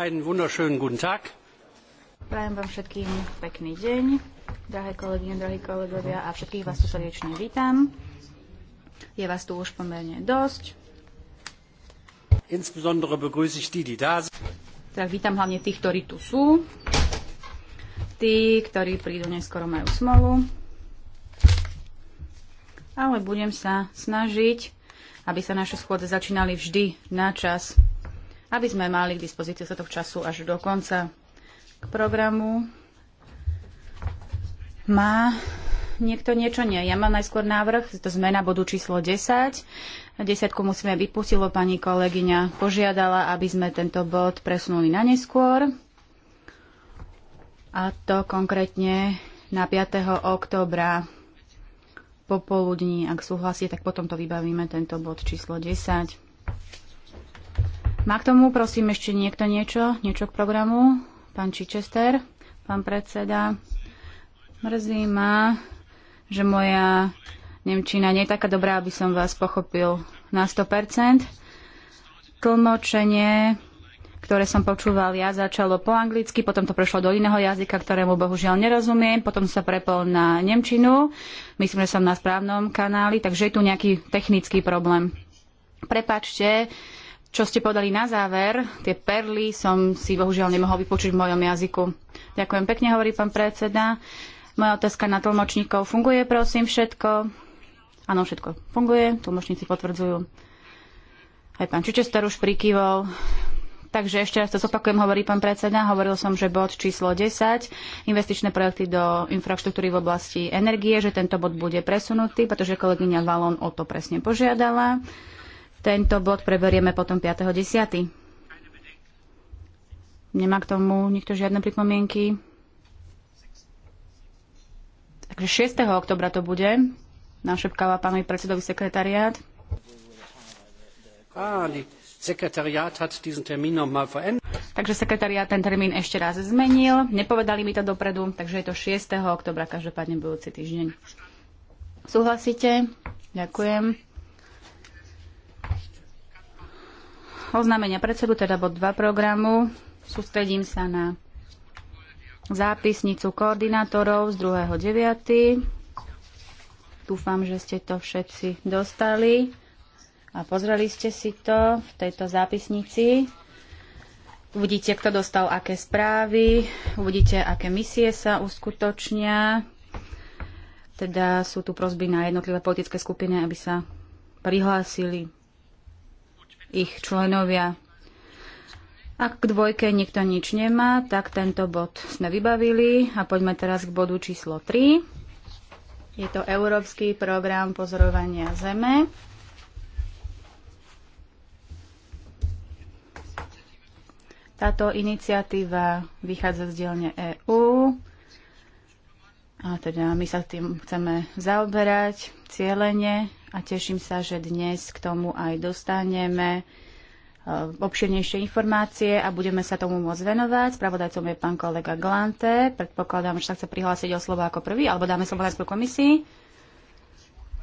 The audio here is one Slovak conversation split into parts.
Einen wunderschönen guten Tag. Prajem vám všetkým pekný deň, drahé kolegyne, drahí kolegovia a všetkých vás tu srdečne vítam. Je vás tu už pomerne dosť. Insbesondere begrüße ich die, die da sind. Tak vítam hlavne tých, ktorí tu sú. Tí, ktorí prídu neskoro majú smolu. Ale budem sa snažiť, aby sa naše schôdze začínali vždy na čas aby sme mali k dispozícii sa toho času až do konca k programu. Má niekto niečo? Nie. Ja mám najskôr návrh, to zmena bodu číslo 10. Desiatku musíme vypustiť, pani kolegyňa požiadala, aby sme tento bod presunuli na neskôr. A to konkrétne na 5. oktobra popoludní, ak súhlasí, tak potom to vybavíme, tento bod číslo 10. Má k tomu, prosím, ešte niekto niečo? Niečo k programu? Pán Čičester, pán predseda. Mrzí ma, že moja Nemčina nie je taká dobrá, aby som vás pochopil na 100%. Tlmočenie, ktoré som počúval ja, začalo po anglicky, potom to prešlo do iného jazyka, ktorému bohužiaľ nerozumiem, potom sa prepol na Nemčinu. Myslím, že som na správnom kanáli, takže je tu nejaký technický problém. Prepačte, čo ste podali na záver, tie perly som si bohužiaľ nemohol vypočuť v mojom jazyku. Ďakujem pekne, hovorí pán predseda. Moja otázka na tlmočníkov. Funguje prosím všetko? Áno, všetko funguje. Tlmočníci potvrdzujú. Aj pán Čičester už prikývol. Takže ešte raz to zopakujem, hovorí pán predseda. Hovoril som, že bod číslo 10, investičné projekty do infraštruktúry v oblasti energie, že tento bod bude presunutý, pretože kolegyňa Valon o to presne požiadala. Tento bod preberieme potom 5.10. Nemá k tomu nikto žiadne pripomienky. Takže 6. oktobra to bude. Našepkáva pánovi predsedovi sekretariát. Ah, takže sekretariát ten termín ešte raz zmenil, nepovedali mi to dopredu, takže je to 6. oktobra, každopádne budúci týždeň. Súhlasíte? Ďakujem. oznámenia predsedu, teda bod 2 programu. Sústredím sa na zápisnicu koordinátorov z 2.9. Dúfam, že ste to všetci dostali a pozreli ste si to v tejto zápisnici. Uvidíte, kto dostal aké správy, uvidíte, aké misie sa uskutočnia. Teda sú tu prosby na jednotlivé politické skupiny, aby sa prihlásili ich členovia. Ak k dvojke nikto nič nemá, tak tento bod sme vybavili a poďme teraz k bodu číslo 3. Je to Európsky program pozorovania Zeme. Táto iniciatíva vychádza z dielne EÚ. A teda my sa tým chceme zaoberať cieľene a teším sa, že dnes k tomu aj dostaneme e, obširnejšie informácie a budeme sa tomu môcť venovať. Spravodajcom je pán kolega Glante. Predpokladám, že sa chce prihlásiť o slovo ako prvý, alebo dáme slovo najskôr komisii.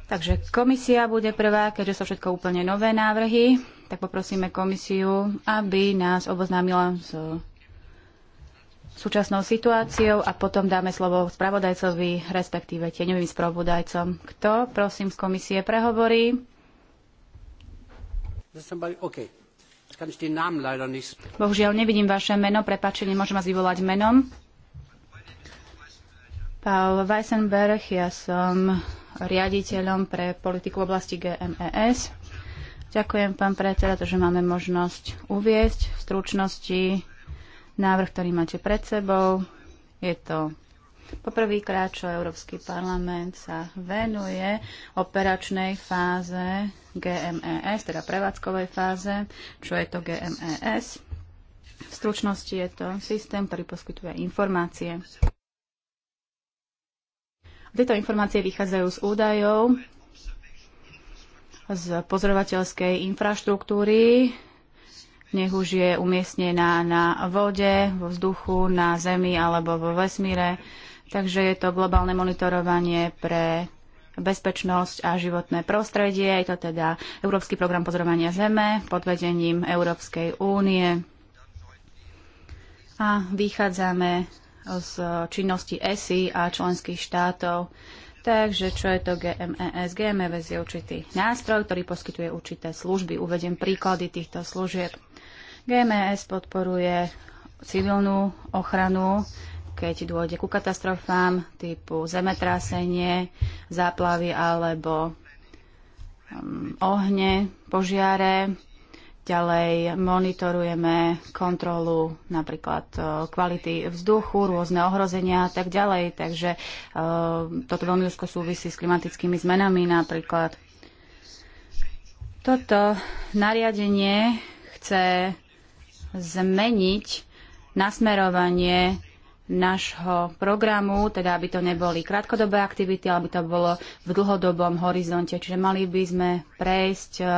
Takže komisia bude prvá, keďže sú všetko úplne nové návrhy, tak poprosíme komisiu, aby nás oboznámila s súčasnou situáciou a potom dáme slovo spravodajcovi, respektíve tieňovým spravodajcom. Kto, prosím, z komisie prehovorí? Bohužiaľ nevidím vaše meno, prepáčte, nemôžem vás vyvolať menom. Paul Weissenberg, ja som riaditeľom pre politiku v oblasti GMES. Ďakujem, pán predseda, že máme možnosť uviesť v stručnosti návrh, ktorý máte pred sebou. Je to poprvýkrát, čo Európsky parlament sa venuje operačnej fáze GMES, teda prevádzkovej fáze, čo je to GMES. V stručnosti je to systém, ktorý poskytuje informácie. Tieto informácie vychádzajú z údajov z pozorovateľskej infraštruktúry nech už je umiestnená na vode, vo vzduchu, na zemi alebo vo vesmíre. Takže je to globálne monitorovanie pre bezpečnosť a životné prostredie. Je to teda Európsky program pozorovania Zeme pod vedením Európskej únie. A vychádzame z činnosti ESI a členských štátov. Takže čo je to GMES? GMES je určitý nástroj, ktorý poskytuje určité služby. Uvediem príklady týchto služieb. GMS podporuje civilnú ochranu, keď dôjde ku katastrofám typu zemetrásenie, záplavy alebo um, ohne, požiare. Ďalej monitorujeme kontrolu napríklad uh, kvality vzduchu, rôzne ohrozenia a tak ďalej. Takže uh, toto veľmi úzko súvisí s klimatickými zmenami napríklad. Toto nariadenie chce zmeniť nasmerovanie nášho programu, teda aby to neboli krátkodobé aktivity, ale aby to bolo v dlhodobom horizonte. Čiže mali by sme prejsť, e,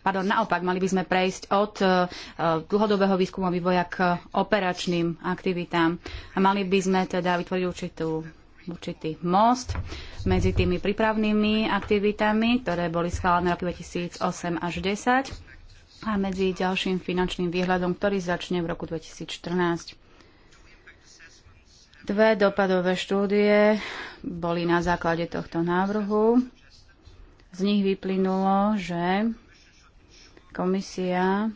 pardon, naopak, mali by sme prejsť od e, dlhodobého výskumu vývoja k operačným aktivitám. A mali by sme teda vytvoriť určitú určitý most medzi tými prípravnými aktivitami, ktoré boli schválené v roku 2008 až 2010 a medzi ďalším finančným výhľadom, ktorý začne v roku 2014. Dve dopadové štúdie boli na základe tohto návrhu. Z nich vyplynulo, že komisia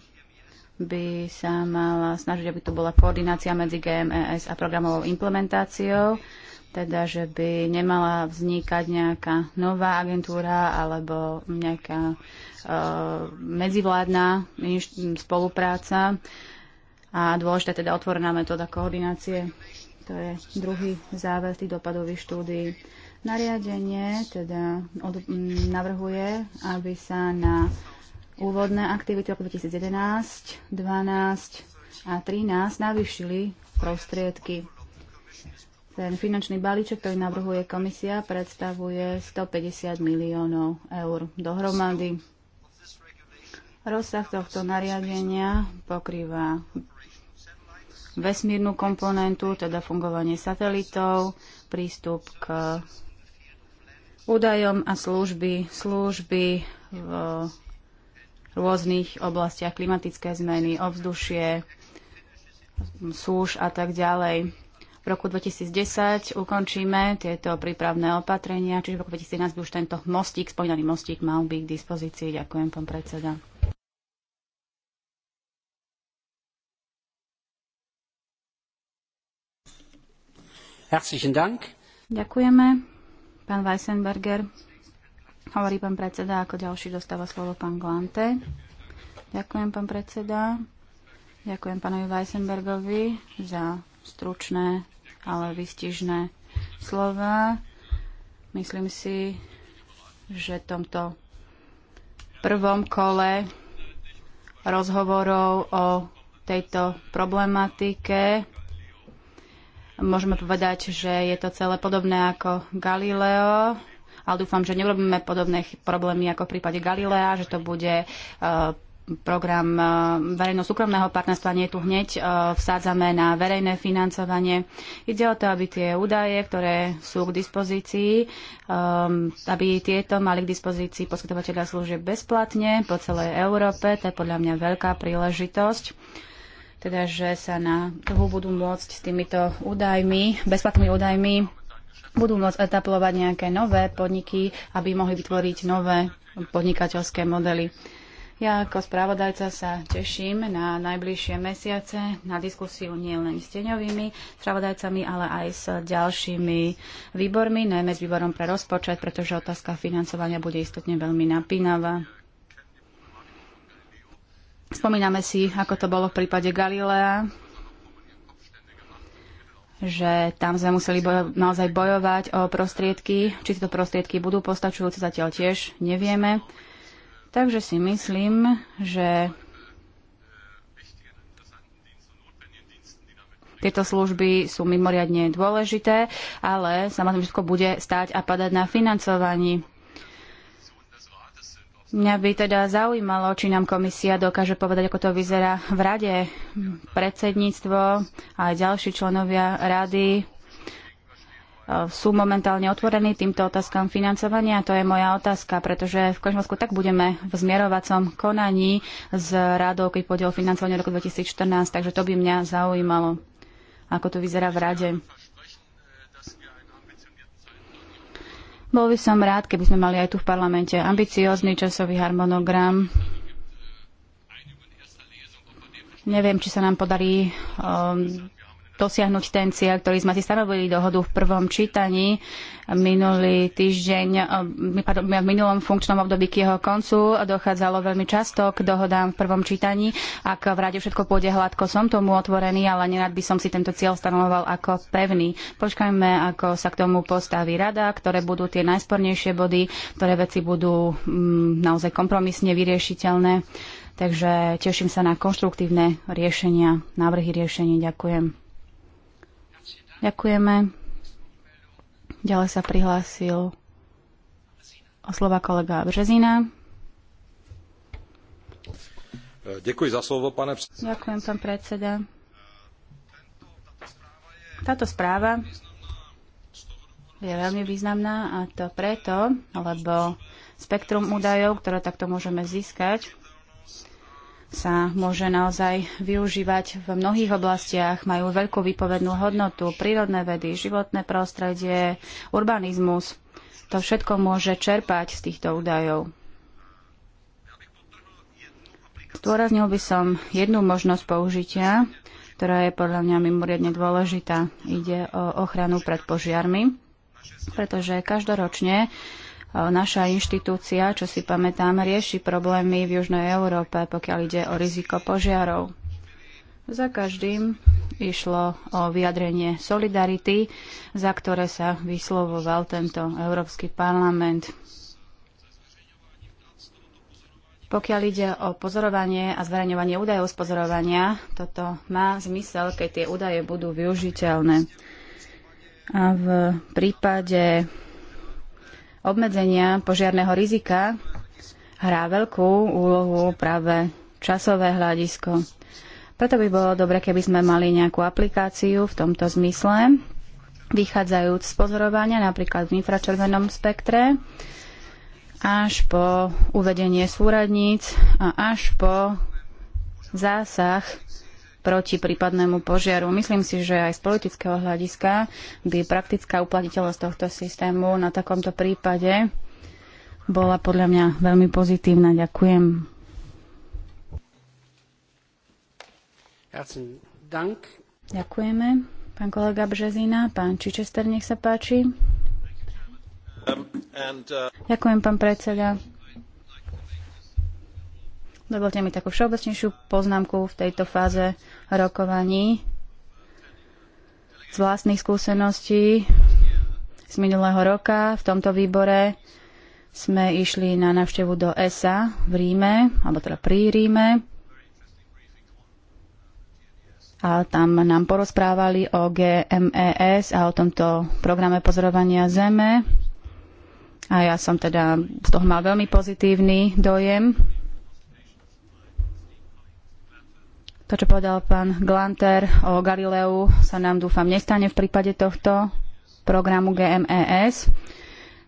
by sa mala snažiť, aby tu bola koordinácia medzi GMES a programovou implementáciou teda, že by nemala vznikať nejaká nová agentúra alebo nejaká e, medzivládna spolupráca a dôležitá teda otvorená metóda koordinácie. To je druhý záver tých dopadových štúdií. Nariadenie teda od, m, navrhuje, aby sa na úvodné aktivity roku 2011, 2012 a 13 navýšili prostriedky ten finančný balíček, ktorý navrhuje komisia, predstavuje 150 miliónov eur dohromady. Rozsah tohto nariadenia pokrýva vesmírnu komponentu, teda fungovanie satelitov, prístup k údajom a služby, služby v rôznych oblastiach, klimatické zmeny, ovzdušie, súž a tak ďalej. V roku 2010 ukončíme tieto prípravné opatrenia, čiže v roku 2011 by už tento mostík, spomínaný mostík, mal byť k dispozícii. Ďakujem, pán predseda. Herzlichen Dank. Ďakujeme. Pán Weissenberger, hovorí pán predseda, ako ďalší dostáva slovo pán Glante. Ďakujem, pán predseda. Ďakujem pánovi Weissenbergovi za stručné ale vystižné slova. Myslím si, že v tomto prvom kole rozhovorov o tejto problematike môžeme povedať, že je to celé podobné ako Galileo, ale dúfam, že nerobíme podobné problémy ako v prípade Galilea, že to bude e, program e, verejno-súkromného partnerstva nie tu hneď e, vsádzame na verejné financovanie. Ide o to, aby tie údaje, ktoré sú k dispozícii, e, aby tieto mali k dispozícii poskytovateľa služieb bezplatne po celej Európe. To je podľa mňa veľká príležitosť teda že sa na trhu budú môcť s týmito údajmi, bezplatnými údajmi, budú môcť etaplovať nejaké nové podniky, aby mohli vytvoriť nové podnikateľské modely. Ja ako spravodajca sa teším na najbližšie mesiace, na diskusiu nielen s teňovými spravodajcami, ale aj s ďalšími výbormi, najmä s výborom pre rozpočet, pretože otázka financovania bude istotne veľmi napínavá. Spomíname si, ako to bolo v prípade Galilea, že tam sme museli bojo- naozaj bojovať o prostriedky. Či tieto prostriedky budú postačujúce, zatiaľ tiež nevieme. Takže si myslím, že tieto služby sú mimoriadne dôležité, ale samozrejme všetko bude stáť a padať na financovaní. Mňa by teda zaujímalo, či nám komisia dokáže povedať, ako to vyzerá v rade. Predsedníctvo a aj ďalší členovia rady Eh, sú momentálne otvorení týmto otázkam financovania. To je moja otázka, pretože v Košmosku tak budeme v zmierovacom konaní s radou, keď pôjde o financovanie roku 2014, takže to by mňa zaujímalo, ako to vyzerá v rade. Bol by som rád, keby sme mali aj tu v parlamente ambiciózny časový harmonogram. Neviem, či sa nám podarí um, dosiahnuť ten cieľ, ktorý sme si stanovili dohodu v prvom čítaní minulý týždeň, eh, v minulom funkčnom období k jeho koncu dochádzalo veľmi často k dohodám v prvom čítaní. Ak v rade všetko pôjde hladko, som tomu otvorený, ale nerad by som si tento cieľ stanovoval ako pevný. Počkajme, ako sa k tomu postaví rada, ktoré budú tie najspornejšie body, ktoré veci budú mm, naozaj kompromisne vyriešiteľné. Takže teším sa na konštruktívne riešenia, návrhy riešení. Ďakujem. Ďakujeme. Ďalej sa prihlásil o slova kolega Březina. Ďakujem za slovo, pane predseda. Ďakujem, pán predseda. Táto správa je veľmi významná a to preto, lebo spektrum údajov, ktoré takto môžeme získať, sa môže naozaj využívať v mnohých oblastiach, majú veľkú výpovednú hodnotu, prírodné vedy, životné prostredie, urbanizmus. To všetko môže čerpať z týchto údajov. Zdôraznil by som jednu možnosť použitia, ktorá je podľa mňa mimoriadne dôležitá. Ide o ochranu pred požiarmi, pretože každoročne E, naša inštitúcia, čo si pamätám, rieši problémy v Južnej Európe, pokiaľ ide o riziko požiarov. Za každým išlo o vyjadrenie solidarity, za ktoré sa vyslovoval tento Európsky parlament. Pokiaľ ide o pozorovanie a zverejňovanie údajov z pozorovania, toto má zmysel, keď tie údaje budú využiteľné. A v prípade obmedzenia požiarného rizika hrá veľkú úlohu práve časové hľadisko. Preto by bolo dobre, keby sme mali nejakú aplikáciu v tomto zmysle, vychádzajúc z pozorovania napríklad v infračervenom spektre, až po uvedenie súradníc a až po zásah proti prípadnému požiaru. Myslím si, že aj z politického hľadiska by praktická uplatiteľnosť tohto systému na takomto prípade bola podľa mňa veľmi pozitívna. Ďakujem. Ďakujeme. Pán kolega Březina, pán Čičester, nech sa páči. Um, uh, Ďakujem, pán predseda. Dovolte mi takú všeobecnejšiu poznámku v tejto fáze rokovaní z vlastných skúseností z minulého roka v tomto výbore sme išli na návštevu do ESA v Ríme, alebo teda pri Ríme. A tam nám porozprávali o GMES a o tomto programe pozorovania Zeme. A ja som teda z toho mal veľmi pozitívny dojem. To, čo povedal pán Glanter o Galileu, sa nám dúfam nestane v prípade tohto programu GMES.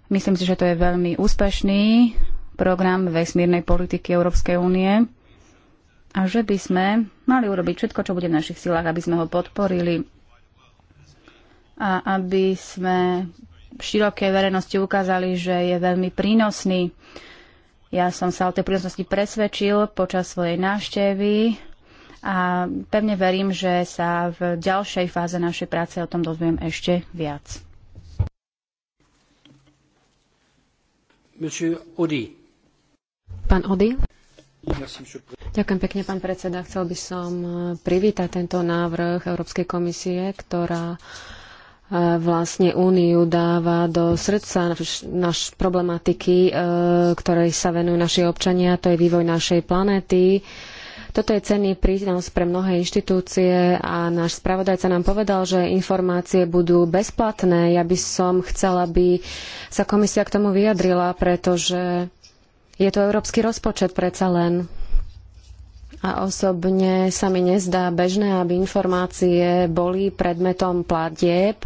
Myslím si, že to je veľmi úspešný program vesmírnej politiky Európskej únie a že by sme mali urobiť všetko, čo bude v našich silách, aby sme ho podporili a aby sme v širokej verejnosti ukázali, že je veľmi prínosný. Ja som sa o tej prínosnosti presvedčil počas svojej návštevy a pevne verím, že sa v ďalšej fáze našej práce o tom dozviem ešte viac. Pán Odi. Ďakujem pekne, pán predseda. Chcel by som e, privítať tento návrh Európskej komisie, ktorá e, vlastne Úniu dáva do srdca naš, naš problematiky, e, ktorej sa venujú naši občania, to je vývoj našej planéty. E, toto je cenný prínos pre mnohé inštitúcie a náš spravodajca nám povedal, že informácie budú bezplatné. Ja by som chcela, aby sa komisia k tomu vyjadrila, pretože je to európsky rozpočet predsa len. A osobne sa mi nezdá bežné, aby informácie boli predmetom platieb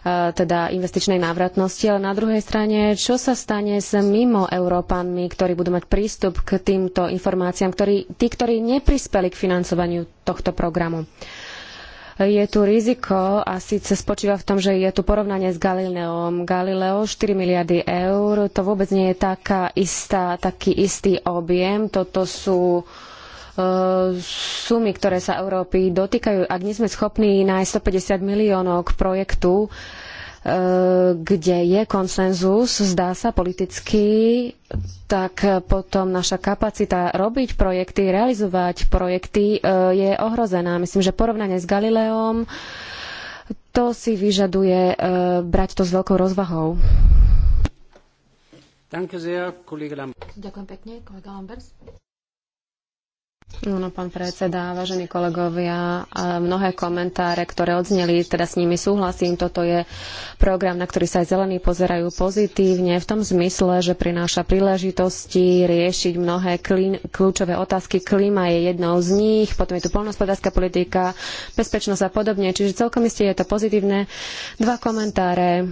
Eh, teda investičnej návratnosti, ale na druhej strane, čo sa stane s mimo Európanmi, ktorí budú mať prístup k týmto informáciám, ktorí, tí, ktorí neprispeli k financovaniu tohto programu. Je tu riziko a síce spočíva v tom, že je tu porovnanie s Galileom. Galileo 4 miliardy eur, to vôbec nie je taká istá, taký istý objem. Toto sú uh, E, sumy, ktoré sa Európy dotýkajú. Ak nie sme schopní nájsť 150 miliónov k projektu, e, kde je konsenzus, zdá sa politicky, tak potom naša kapacita robiť projekty, realizovať projekty e, je ohrozená. Myslím, že porovnanie s Galileom to si vyžaduje brať to s veľkou rozvahou. Ďakujem pekne, kolega Lambers. Áno, no, pán predseda, vážení kolegovia, mnohé komentáre, ktoré odzneli, teda s nimi súhlasím, toto je program, na ktorý sa aj zelení pozerajú pozitívne, v tom zmysle, že prináša príležitosti riešiť mnohé klín, kľúčové otázky. Klíma je jednou z nich, potom je tu poľnohospodárska politika, bezpečnosť a podobne, čiže celkom isté je to pozitívne. Dva komentáre.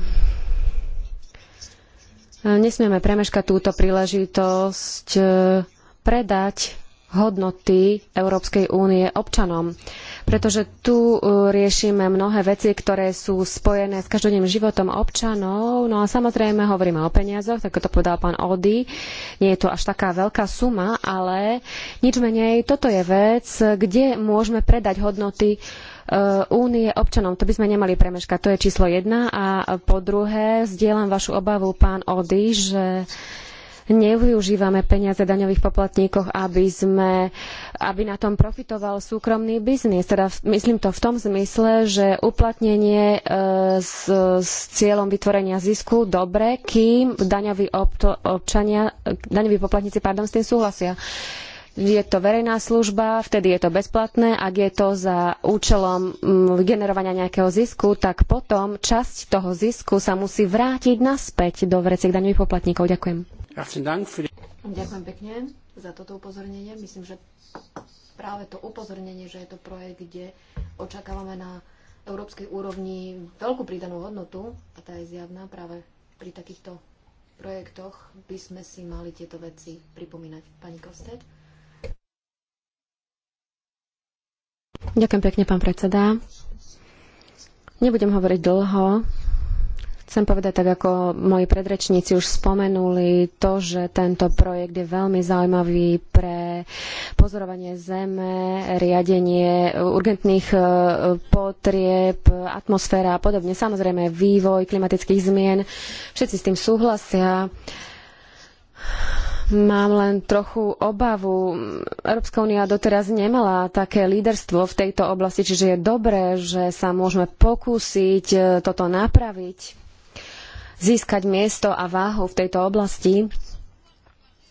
Nesmieme premeškať túto príležitosť eh, predať hodnoty Európskej únie občanom. Pretože tu uh, riešime mnohé veci, ktoré sú spojené s každodenným životom občanov. No a samozrejme hovoríme o peniazoch, tak to povedal pán Ody. Nie je to až taká veľká suma, ale nič menej, toto je vec, kde môžeme predať hodnoty uh, únie občanom. To by sme nemali premeškať. To je číslo jedna. A po druhé, zdieľam vašu obavu, pán Ody, že nevyužívame peniaze daňových poplatníkov, aby, sme, aby na tom profitoval súkromný biznis. Teda myslím to v tom zmysle, že uplatnenie e, s, s cieľom vytvorenia zisku dobre, kým daňoví, občania, daňoví poplatníci pardon, s tým súhlasia je to verejná služba, vtedy je to bezplatné. Ak je to za účelom generovania nejakého zisku, tak potom časť toho zisku sa musí vrátiť naspäť do vreciek daňových poplatníkov. Ďakujem. Ďakujem pekne za toto upozornenie. Myslím, že práve to upozornenie, že je to projekt, kde očakávame na európskej úrovni veľkú pridanú hodnotu, a tá je zjavná práve pri takýchto projektoch, by sme si mali tieto veci pripomínať. Pani Kostet. Ďakujem pekne, pán predseda. Nebudem hovoriť dlho, Chcem povedať, tak ako moji predrečníci už spomenuli, to, že tento projekt je veľmi zaujímavý pre pozorovanie zeme, riadenie urgentných e, potrieb, atmosféra a podobne. Samozrejme vývoj klimatických zmien, všetci s tým súhlasia. Mám len trochu obavu. Európska únia doteraz nemala také líderstvo v tejto oblasti, čiže je dobré, že sa môžeme pokúsiť e, toto napraviť získať miesto a váhu v tejto oblasti.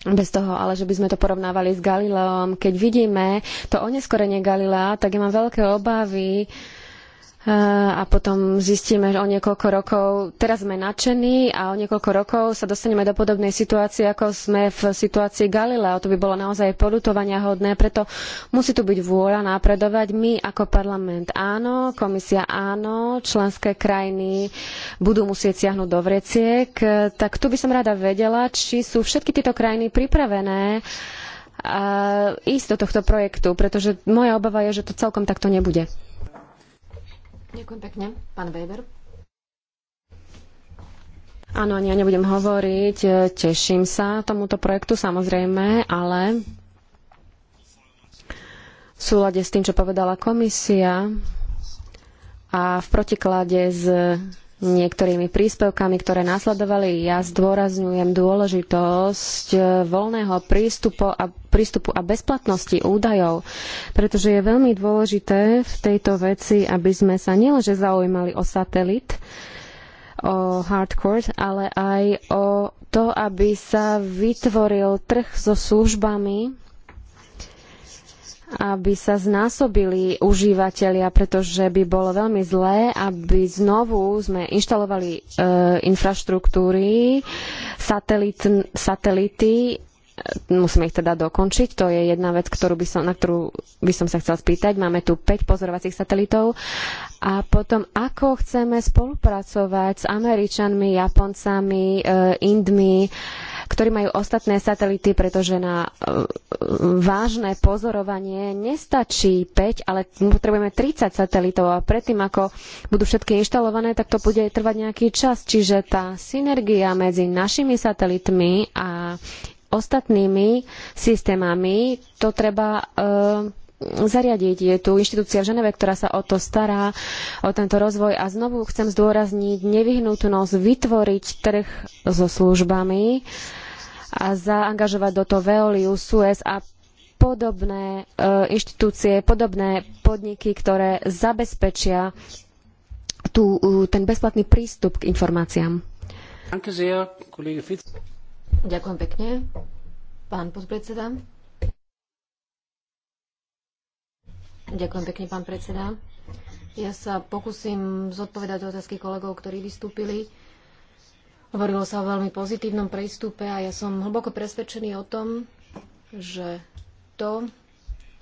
Bez toho, ale že by sme to porovnávali s Galileom. Keď vidíme to oneskorenie Galilea, tak ja mám veľké obavy, uh, a potom zistíme, že o niekoľko rokov, teraz sme nadšení a o niekoľko rokov sa dostaneme do podobnej situácie, ako sme v situácii Galileo. To by bolo naozaj porutovania hodné, preto musí tu byť vôľa napredovať. My ako parlament áno, komisia áno, členské krajiny budú musieť siahnuť do vreciek. Tak tu by som rada vedela, či sú všetky tieto krajiny pripravené ísť do tohto projektu, pretože moja obava je, že to celkom takto nebude. Ďakujem pekne. Pán Weber. Áno, ani ja nebudem hovoriť, teším sa tomuto projektu samozrejme, ale v súlade s tým, čo povedala komisia a v protiklade s niektorými príspevkami, ktoré nasledovali. Ja zdôrazňujem dôležitosť e, voľného prístupu a, prístupu a bezplatnosti údajov, pretože je veľmi dôležité v tejto veci, aby sme sa nielenže zaujímali o satelit, o hardcore, ale aj o to, aby sa vytvoril trh so službami, aby sa znásobili užívateľia, pretože by bolo veľmi zlé, aby znovu sme inštalovali e, infraštruktúry, satelit, satelity musíme ich teda dokončiť. To je jedna vec, ktorú by som, na ktorú by som sa chcel spýtať. Máme tu 5 pozorovacích satelitov a potom ako chceme spolupracovať s Američanmi, Japoncami, e, Indmi, ktorí majú ostatné satelity, pretože na e, vážne pozorovanie nestačí 5, ale potrebujeme 30 satelitov a predtým, ako budú všetky inštalované, tak to bude trvať nejaký čas. Čiže tá synergia medzi našimi satelitmi a ostatnými systémami. To treba e, zariadiť. Je tu inštitúcia v Ženeve, ktorá sa o to stará, o tento rozvoj. A znovu chcem zdôrazniť nevyhnutnosť vytvoriť trh so službami a zaangažovať do toho Veoliu, Suez a podobné e, inštitúcie, podobné podniky, ktoré zabezpečia tú, eh, ten bezplatný prístup k informáciám. Ďakujem pekne. Pán podpredseda. Ďakujem pekne, pán predseda. Ja sa pokúsim zodpovedať otázky kolegov, ktorí vystúpili. Hovorilo sa o veľmi pozitívnom prístupe a ja som hlboko presvedčený o tom, že to,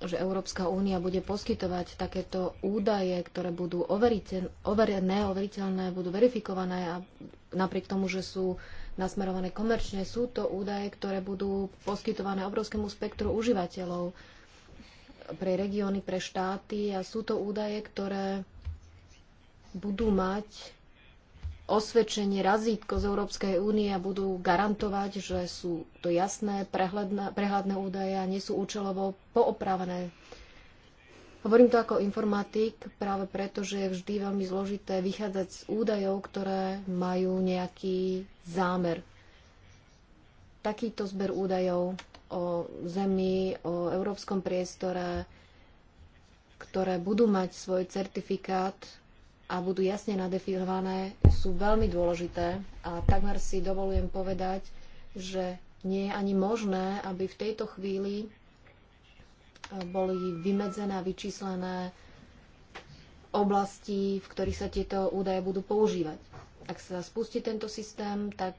že Európska únia bude poskytovať takéto údaje, ktoré budú overiteľ, overené, overiteľné, budú verifikované a napriek tomu, že sú nasmerované komerčne. Sú to údaje, ktoré budú poskytované obrovskému spektru užívateľov pre regióny, pre štáty a sú to údaje, ktoré budú mať osvedčenie razítko z Európskej únie a budú garantovať, že sú to jasné, prehľadné, prehľadné údaje a nie sú účelovo poopravené Hovorím to ako informatik práve preto, že je vždy veľmi zložité vychádzať z údajov, ktoré majú nejaký zámer. Takýto zber údajov o Zemi, o európskom priestore, ktoré budú mať svoj certifikát a budú jasne nadefinované, sú veľmi dôležité a takmer si dovolujem povedať, že nie je ani možné, aby v tejto chvíli boli vymedzené a vyčíslené oblasti, v ktorých sa tieto údaje budú používať. Ak sa spustí tento systém, tak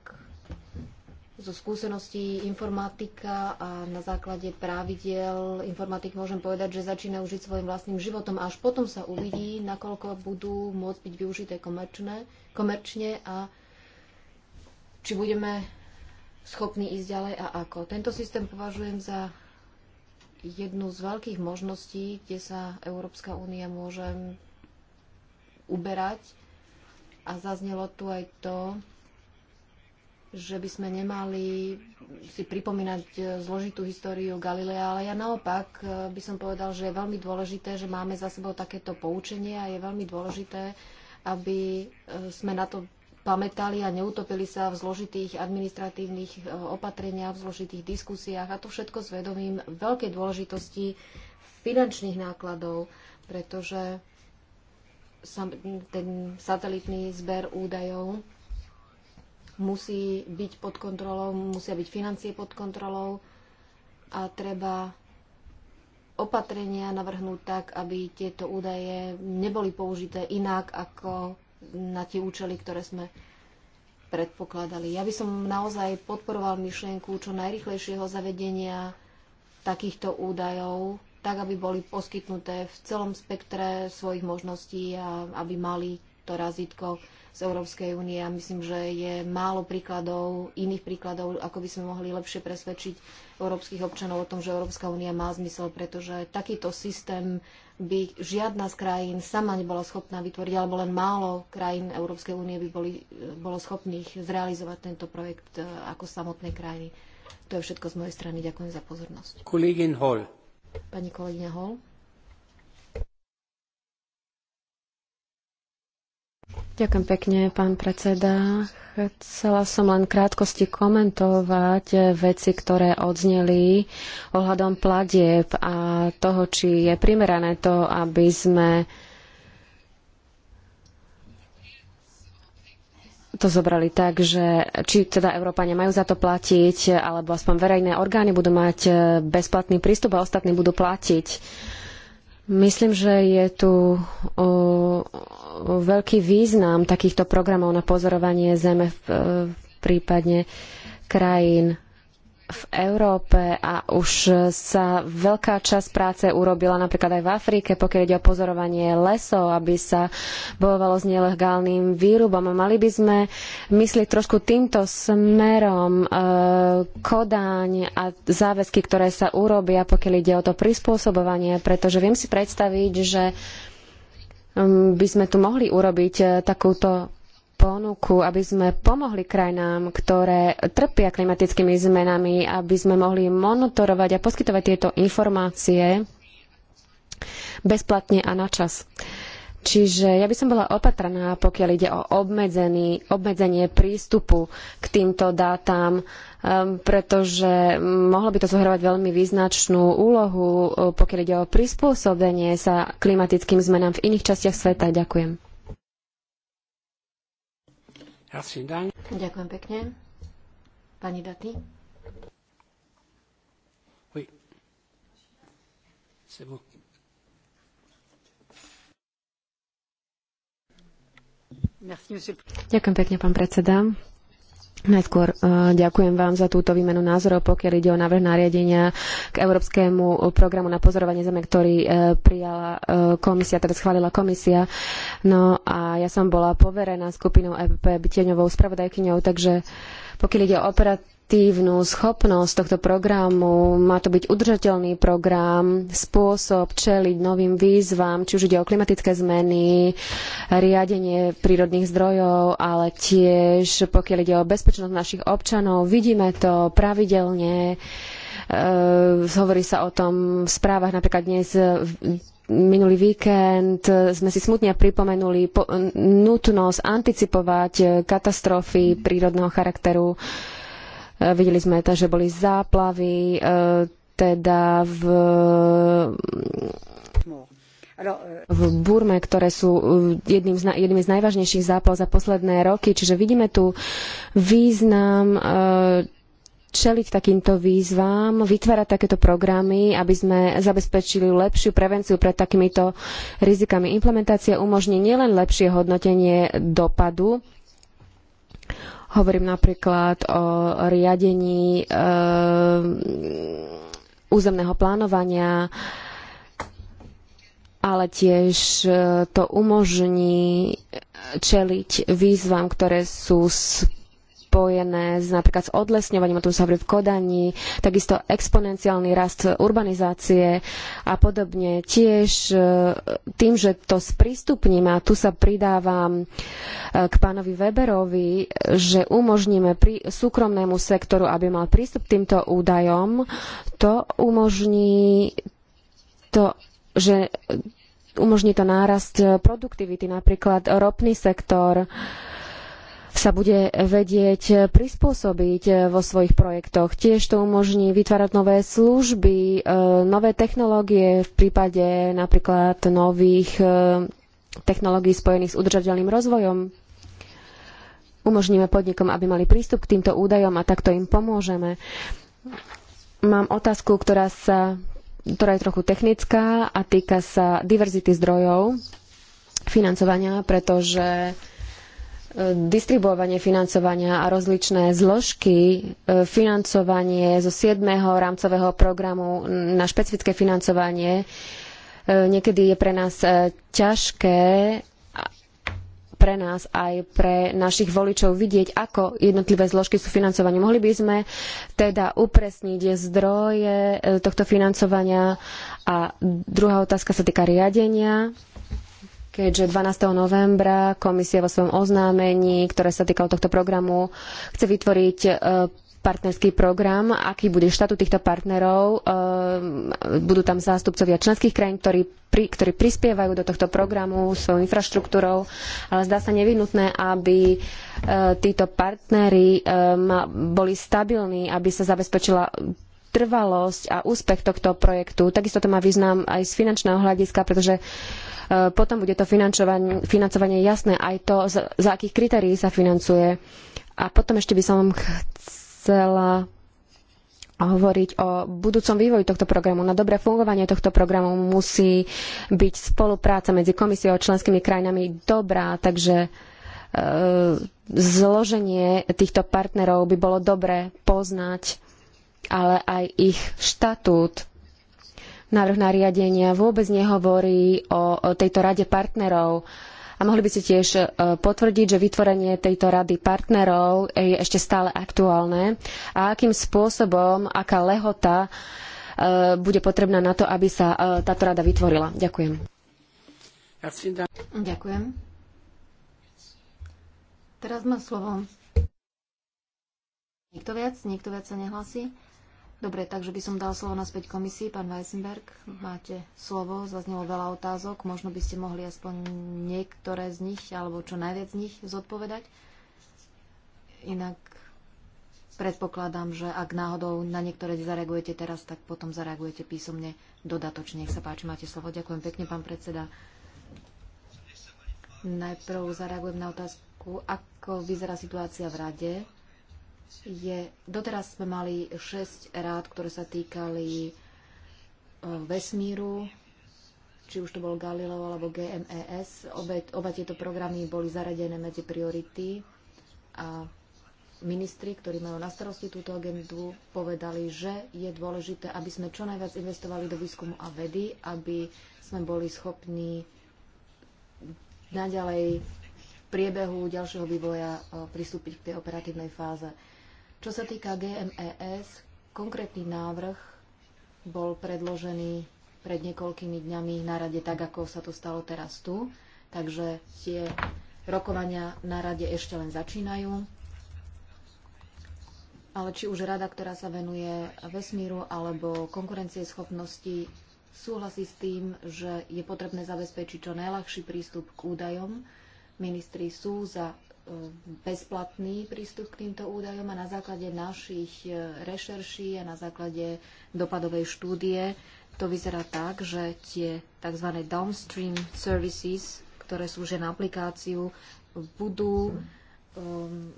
zo skúseností informatika a na základe pravidel informatik môžem povedať, že začína užiť svojim vlastným životom a až potom sa uvidí, nakoľko budú môcť byť využité komerčne, komerčne a či budeme schopní ísť ďalej a ako. Tento systém považujem za jednu z veľkých možností, kde sa Európska únia môže uberať. A zaznelo tu aj to, že by sme nemali si pripomínať e, zložitú históriu Galilea, ale ja naopak e, by som povedal, že je veľmi dôležité, že máme za sebou takéto poučenie a je veľmi dôležité, aby e, sme na to pamätali a neutopili sa v zložitých administratívnych e, opatreniach, v zložitých diskusiách a to všetko s vedomím veľkej dôležitosti finančných nákladov, pretože ten satelitný zber údajov musí byť pod kontrolou, musia byť financie pod kontrolou a treba opatrenia navrhnúť tak, aby tieto údaje neboli použité inak, ako na tie účely, ktoré sme predpokladali. Ja by som naozaj podporoval myšlienku čo najrychlejšieho zavedenia takýchto údajov, tak aby boli poskytnuté v celom spektre svojich možností a aby mali to razítko z Európskej únie. Ja myslím, že je málo príkladov, iných príkladov, ako by sme mohli lepšie presvedčiť európskych občanov o tom, že Európska únia má zmysel, pretože takýto systém by žiadna z krajín sama nebola schopná vytvoriť, alebo len málo krajín Európskej únie by boli, e, bolo schopných zrealizovať tento projekt e, ako samotné krajiny. To je všetko z mojej strany. Ďakujem za pozornosť. Kolegyň Hall. Pani kolegyňa Hall. Ďakujem pekne, pán predseda. Chcela som len krátkosti komentovať veci, ktoré odzneli ohľadom pladieb a toho, či je primerané to, aby sme to zobrali tak, že či teda Európa nemajú za to platiť, alebo aspoň verejné orgány budú mať bezplatný prístup a ostatní budú platiť. Myslím, že je tu uh, veľký význam takýchto programov na pozorovanie Zeme v, e, prípadne krajín v Európe a už sa veľká časť práce urobila napríklad aj v Afrike, pokiaľ ide o pozorovanie lesov, aby sa bojovalo s nelegálnym výrubom. Mali by sme myslieť trošku týmto smerom e, kodáň a záväzky, ktoré sa urobia, pokiaľ ide o to prispôsobovanie, pretože viem si predstaviť, že e, Hm, by sme tu mohli urobiť eh, takúto ponuku, aby sme pomohli krajinám, ktoré trpia klimatickými zmenami, aby sme mohli monitorovať a poskytovať tieto informácie bezplatne a načas. Čiže ja by som bola opatrná, pokiaľ ide o obmedzenie prístupu k týmto dátam Ehm, pretože mohlo by to zohrávať veľmi význačnú úlohu, e, pokiaľ ide o prispôsobenie sa klimatickým zmenám v iných častiach sveta. Ďakujem. Ďakujem pekne. Pani Daty. Ďakujem pekne, pán predseda. Najskôr eh, ďakujem vám za túto výmenu názorov, pokiaľ ide o návrh nariadenia k Európskemu programu na pozorovanie Zeme, ktorý eh, prijala eh, komisia, teda schválila komisia. No a ja som bola poverená skupinou EPP tieňovou spravodajkyňou, takže pokiaľ ide o operatívnu efektívnu schopnosť tohto programu, má to byť udržateľný program, spôsob čeliť novým výzvam, či už ide o klimatické zmeny, riadenie prírodných zdrojov, ale tiež pokiaľ ide o bezpečnosť našich občanov. Vidíme to pravidelne, e, hovorí sa o tom v správach napríklad dnes minulý víkend sme si smutne pripomenuli nutnosť anticipovať e, katastrofy prírodného charakteru. Uh, E, videli sme, to, že boli záplavy, e, teda v, v Burme, ktoré sú e, jedným z, na, jedným z najvážnejších záplav za posledné roky. Čiže vidíme tu význam čeliť takýmto výzvam, vytvárať takéto programy, aby sme zabezpečili lepšiu prevenciu pred takýmito rizikami. Implementácia umožní nielen lepšie hodnotenie dopadu, Hovorím napríklad o riadení e, územného plánovania, ale tiež eh, to umožní eh, čeliť výzvam, ktoré sú spojené s, napríklad s odlesňovaním, o tom sa hovorí v Kodani, takisto exponenciálny rast urbanizácie a podobne. Tiež e, tým, že to sprístupníme, a tu sa pridávam e, k pánovi Weberovi, že umožníme pri súkromnému sektoru, aby mal prístup k týmto údajom, to umožní to, že umožní to nárast produktivity, napríklad ropný sektor, uh, sa bude vedieť prispôsobiť e, vo svojich projektoch. Tiež to umožní vytvárať nové služby, e, nové technológie v prípade napríklad nových e, technológií spojených s udržateľným rozvojom. Umožníme podnikom, aby mali prístup k týmto údajom a takto im pomôžeme. Mám otázku, ktorá, sa, ktorá je trochu technická a týka sa diverzity zdrojov financovania, pretože distribuovanie financovania a rozličné zložky, e, financovanie zo 7. rámcového programu na špecifické financovanie. E, niekedy je pre nás e, ťažké pre nás aj pre našich voličov vidieť, ako jednotlivé zložky sú financované. Mohli by sme teda upresniť zdroje tohto financovania. A druhá otázka sa týka riadenia keďže 12. novembra komisia vo svojom oznámení, ktoré sa týkalo tohto programu, chce vytvoriť e, partnerský program, aký bude štatút týchto partnerov. E, budú tam zástupcovia členských krajín, ktorí, pri, ktorí prispievajú do tohto programu svojou infraštruktúrou, ale zdá sa nevyhnutné, aby e, títo partnery boli stabilní, aby sa zabezpečila trvalosť a úspech tohto projektu. Takisto to má význam aj z finančného hľadiska, pretože e, potom bude to financovanie, financovanie jasné, aj to, za, za akých kritérií sa financuje. A potom ešte by som chcela hovoriť o budúcom vývoji tohto programu. Na dobré fungovanie tohto programu musí byť spolupráca medzi komisiou a členskými krajinami dobrá, takže e, zloženie týchto partnerov by bolo dobré poznať ale aj ich štatút. Návrh nariadenia vôbec nehovorí o, tejto rade partnerov. A mohli by ste tiež e, potvrdiť, že vytvorenie tejto rady partnerov je ešte stále aktuálne a akým spôsobom, aká lehota e, bude potrebná na to, aby sa e, táto rada vytvorila. Ďakujem. Ďakujem. Teraz má slovo. Nikto viac? Nikto viac sa nehlasí? Dobre, takže by som dal slovo naspäť komisii. Pán Weisenberg, máte slovo, zaznelo veľa otázok, možno by ste mohli aspoň niektoré z nich, alebo čo najviac z nich zodpovedať. Inak predpokladám, že ak náhodou na niektoré zareagujete teraz, tak potom zareagujete písomne dodatočne. Nech sa páči, máte slovo. Ďakujem pekne, pán predseda. Najprv zareagujem na otázku, ako vyzerá situácia v rade je, doteraz sme mali 6 rád, ktoré sa týkali e, vesmíru, či už to bol Galileo alebo GMES. Obe, oba tieto programy boli zaradené medzi priority a ministri, ktorí majú na starosti túto agendu, povedali, že je dôležité, aby sme čo najviac investovali do výskumu a vedy, aby sme boli schopní naďalej v priebehu ďalšieho vývoja e, pristúpiť k tej operatívnej fáze. Čo sa týka GMES, konkrétny návrh bol predložený pred niekoľkými dňami na rade, tak ako sa to stalo teraz tu. Takže tie rokovania na rade ešte len začínajú. Ale či už rada, ktorá sa venuje vesmíru alebo konkurencie schopnosti súhlasí s tým, že je potrebné zabezpečiť čo najľahší prístup k údajom. Ministri sú za bezplatný prístup k týmto údajom a na základe našich e, rešerší a na základe dopadovej štúdie to vyzerá tak, že tie tzv. downstream services, ktoré slúžia na aplikáciu, budú um,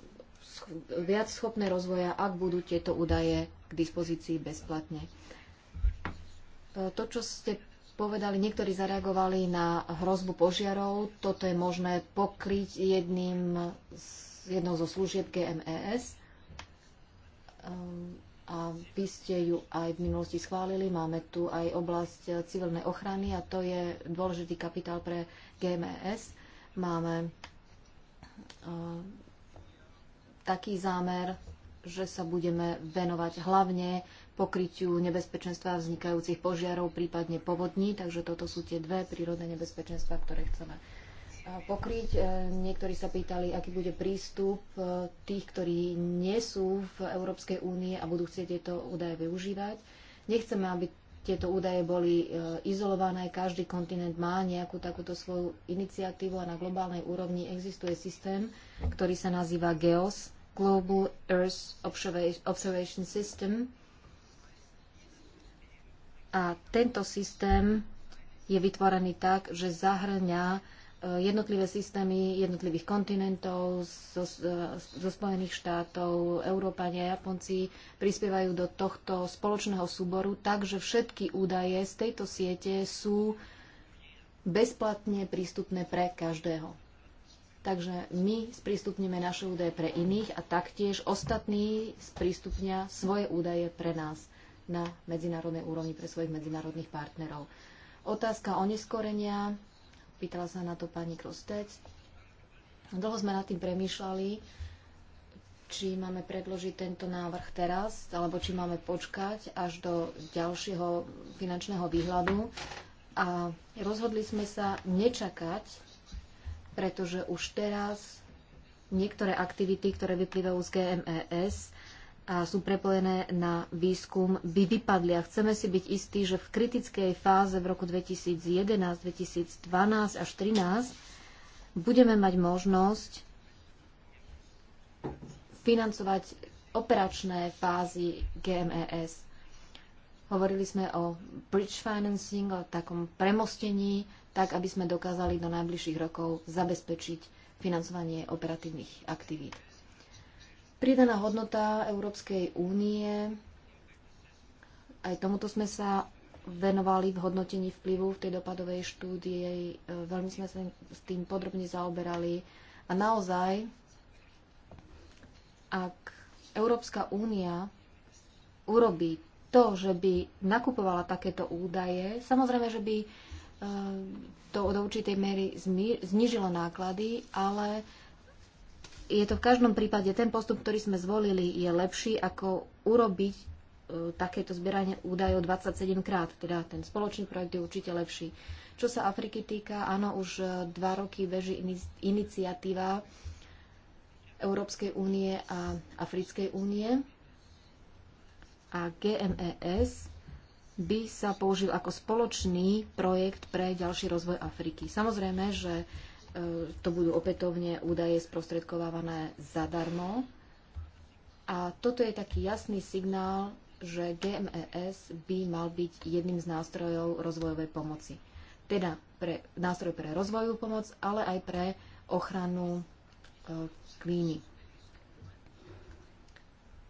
viac schopné rozvoja, ak budú tieto údaje k dispozícii bezplatne. E, to, čo ste povedali, niektorí zareagovali na hrozbu požiarov. Toto je možné pokryť jedným z, jednou zo služieb GMES. Ehm, a vy ste ju aj v minulosti schválili. Máme tu aj oblasť civilnej ochrany a to je dôležitý kapitál pre GMES. Máme ehm, taký zámer, že sa budeme venovať hlavne pokrytiu nebezpečenstva vznikajúcich požiarov, prípadne povodní. Takže toto sú tie dve prírodné nebezpečenstva, ktoré chceme e, pokryť. E, niektorí sa pýtali, aký bude prístup e, tých, ktorí nie sú v Európskej únie a budú chcieť tieto údaje využívať. Nechceme, aby tieto údaje boli izolované, každý kontinent má nejakú takúto svoju iniciatívu a na globálnej úrovni existuje systém, ktorý sa nazýva GEOS, Global Earth Observation System, a tento systém je vytvorený tak, že zahrňa e, jednotlivé systémy jednotlivých kontinentov, zo, e, zo Spojených štátov, Európania, Japonci prispievajú do tohto spoločného súboru, takže všetky údaje z tejto siete sú bezplatne prístupné pre každého. Takže my sprístupníme naše údaje pre iných a taktiež ostatní sprístupnia svoje údaje pre nás na medzinárodnej úrovni pre svojich medzinárodných partnerov. Otázka oneskorenia, pýtala sa na to pani Krostec. Dlho sme nad tým premýšľali, či máme predložiť tento návrh teraz, alebo či máme počkať až do ďalšieho finančného výhľadu. A rozhodli sme sa nečakať, pretože už teraz niektoré aktivity, ktoré vyplývajú z GMES, a sú prepojené na výskum, by vypadli. A chceme si byť istí, že v kritickej fáze v roku 2011, 2012 až 2013 budeme mať možnosť financovať operačné fázy GMES. Hovorili sme o bridge financing, o takom premostení, tak aby sme dokázali do najbližších rokov zabezpečiť financovanie operatívnych aktivít. Pridaná hodnota Európskej únie, aj tomuto sme sa venovali v hodnotení vplyvu v tej dopadovej štúdie, veľmi sme sa s tým podrobne zaoberali a naozaj, ak Európska únia urobí to, že by nakupovala takéto údaje, samozrejme, že by e, to do určitej miery znižilo náklady, ale je to v každom prípade, ten postup, ktorý sme zvolili, je lepší ako urobiť e, takéto zbieranie údajov 27 krát. Teda ten spoločný projekt je určite lepší. Čo sa Afriky týka, áno, už e, dva roky beží iniciatíva Európskej únie a Africkej únie a GMES by sa použil ako spoločný projekt pre ďalší rozvoj Afriky. Samozrejme, že E, to budú opätovne údaje sprostredkovávané zadarmo. A toto je taký jasný signál, že GMES by mal byť jedným z nástrojov rozvojovej pomoci. Teda pre, nástroj pre rozvojovú pomoc, ale aj pre ochranu e, klímy.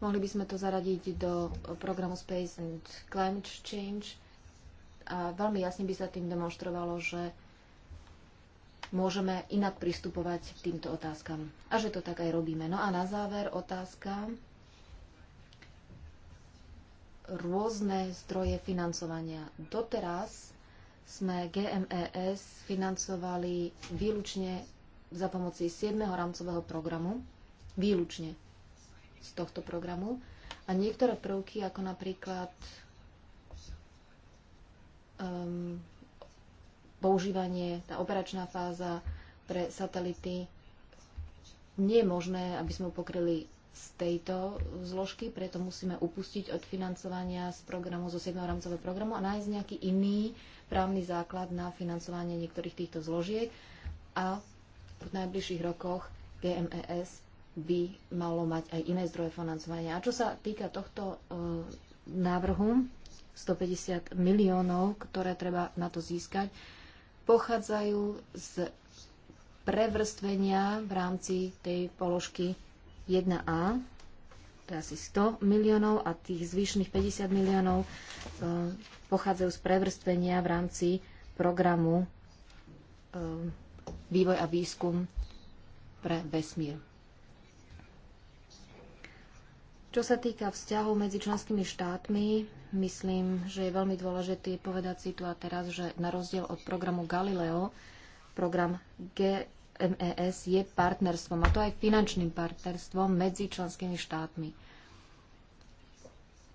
Mohli by sme to zaradiť do programu Space and Climate Change a veľmi jasne by sa tým demonstrovalo, že môžeme inak pristupovať k týmto otázkam. A že to tak aj robíme. No a na záver otázka. Rôzne zdroje financovania. Doteraz sme GMES financovali výlučne za pomoci 7. rámcového programu. Výlučne z tohto programu. A niektoré prvky, ako napríklad um, používanie, tá operačná fáza pre satelity, nie je možné, aby sme pokryli z tejto zložky, preto musíme upustiť od financovania z programu, zo 7. rámcového programu a nájsť nejaký iný právny základ na financovanie niektorých týchto zložiek a v najbližších rokoch GMES by malo mať aj iné zdroje financovania. A čo sa týka tohto e, návrhu, 150 miliónov, ktoré treba na to získať, pochádzajú z prevrstvenia v rámci tej položky 1A, to je asi 100 miliónov a tých zvyšných 50 miliónov e, pochádzajú z prevrstvenia v rámci programu e, Vývoj a výskum pre vesmír. Čo sa týka vzťahov medzi členskými štátmi, myslím, že je veľmi dôležité povedať si tu a teraz, že na rozdiel od programu Galileo, program GMES je partnerstvom, a to aj finančným partnerstvom medzi členskými štátmi.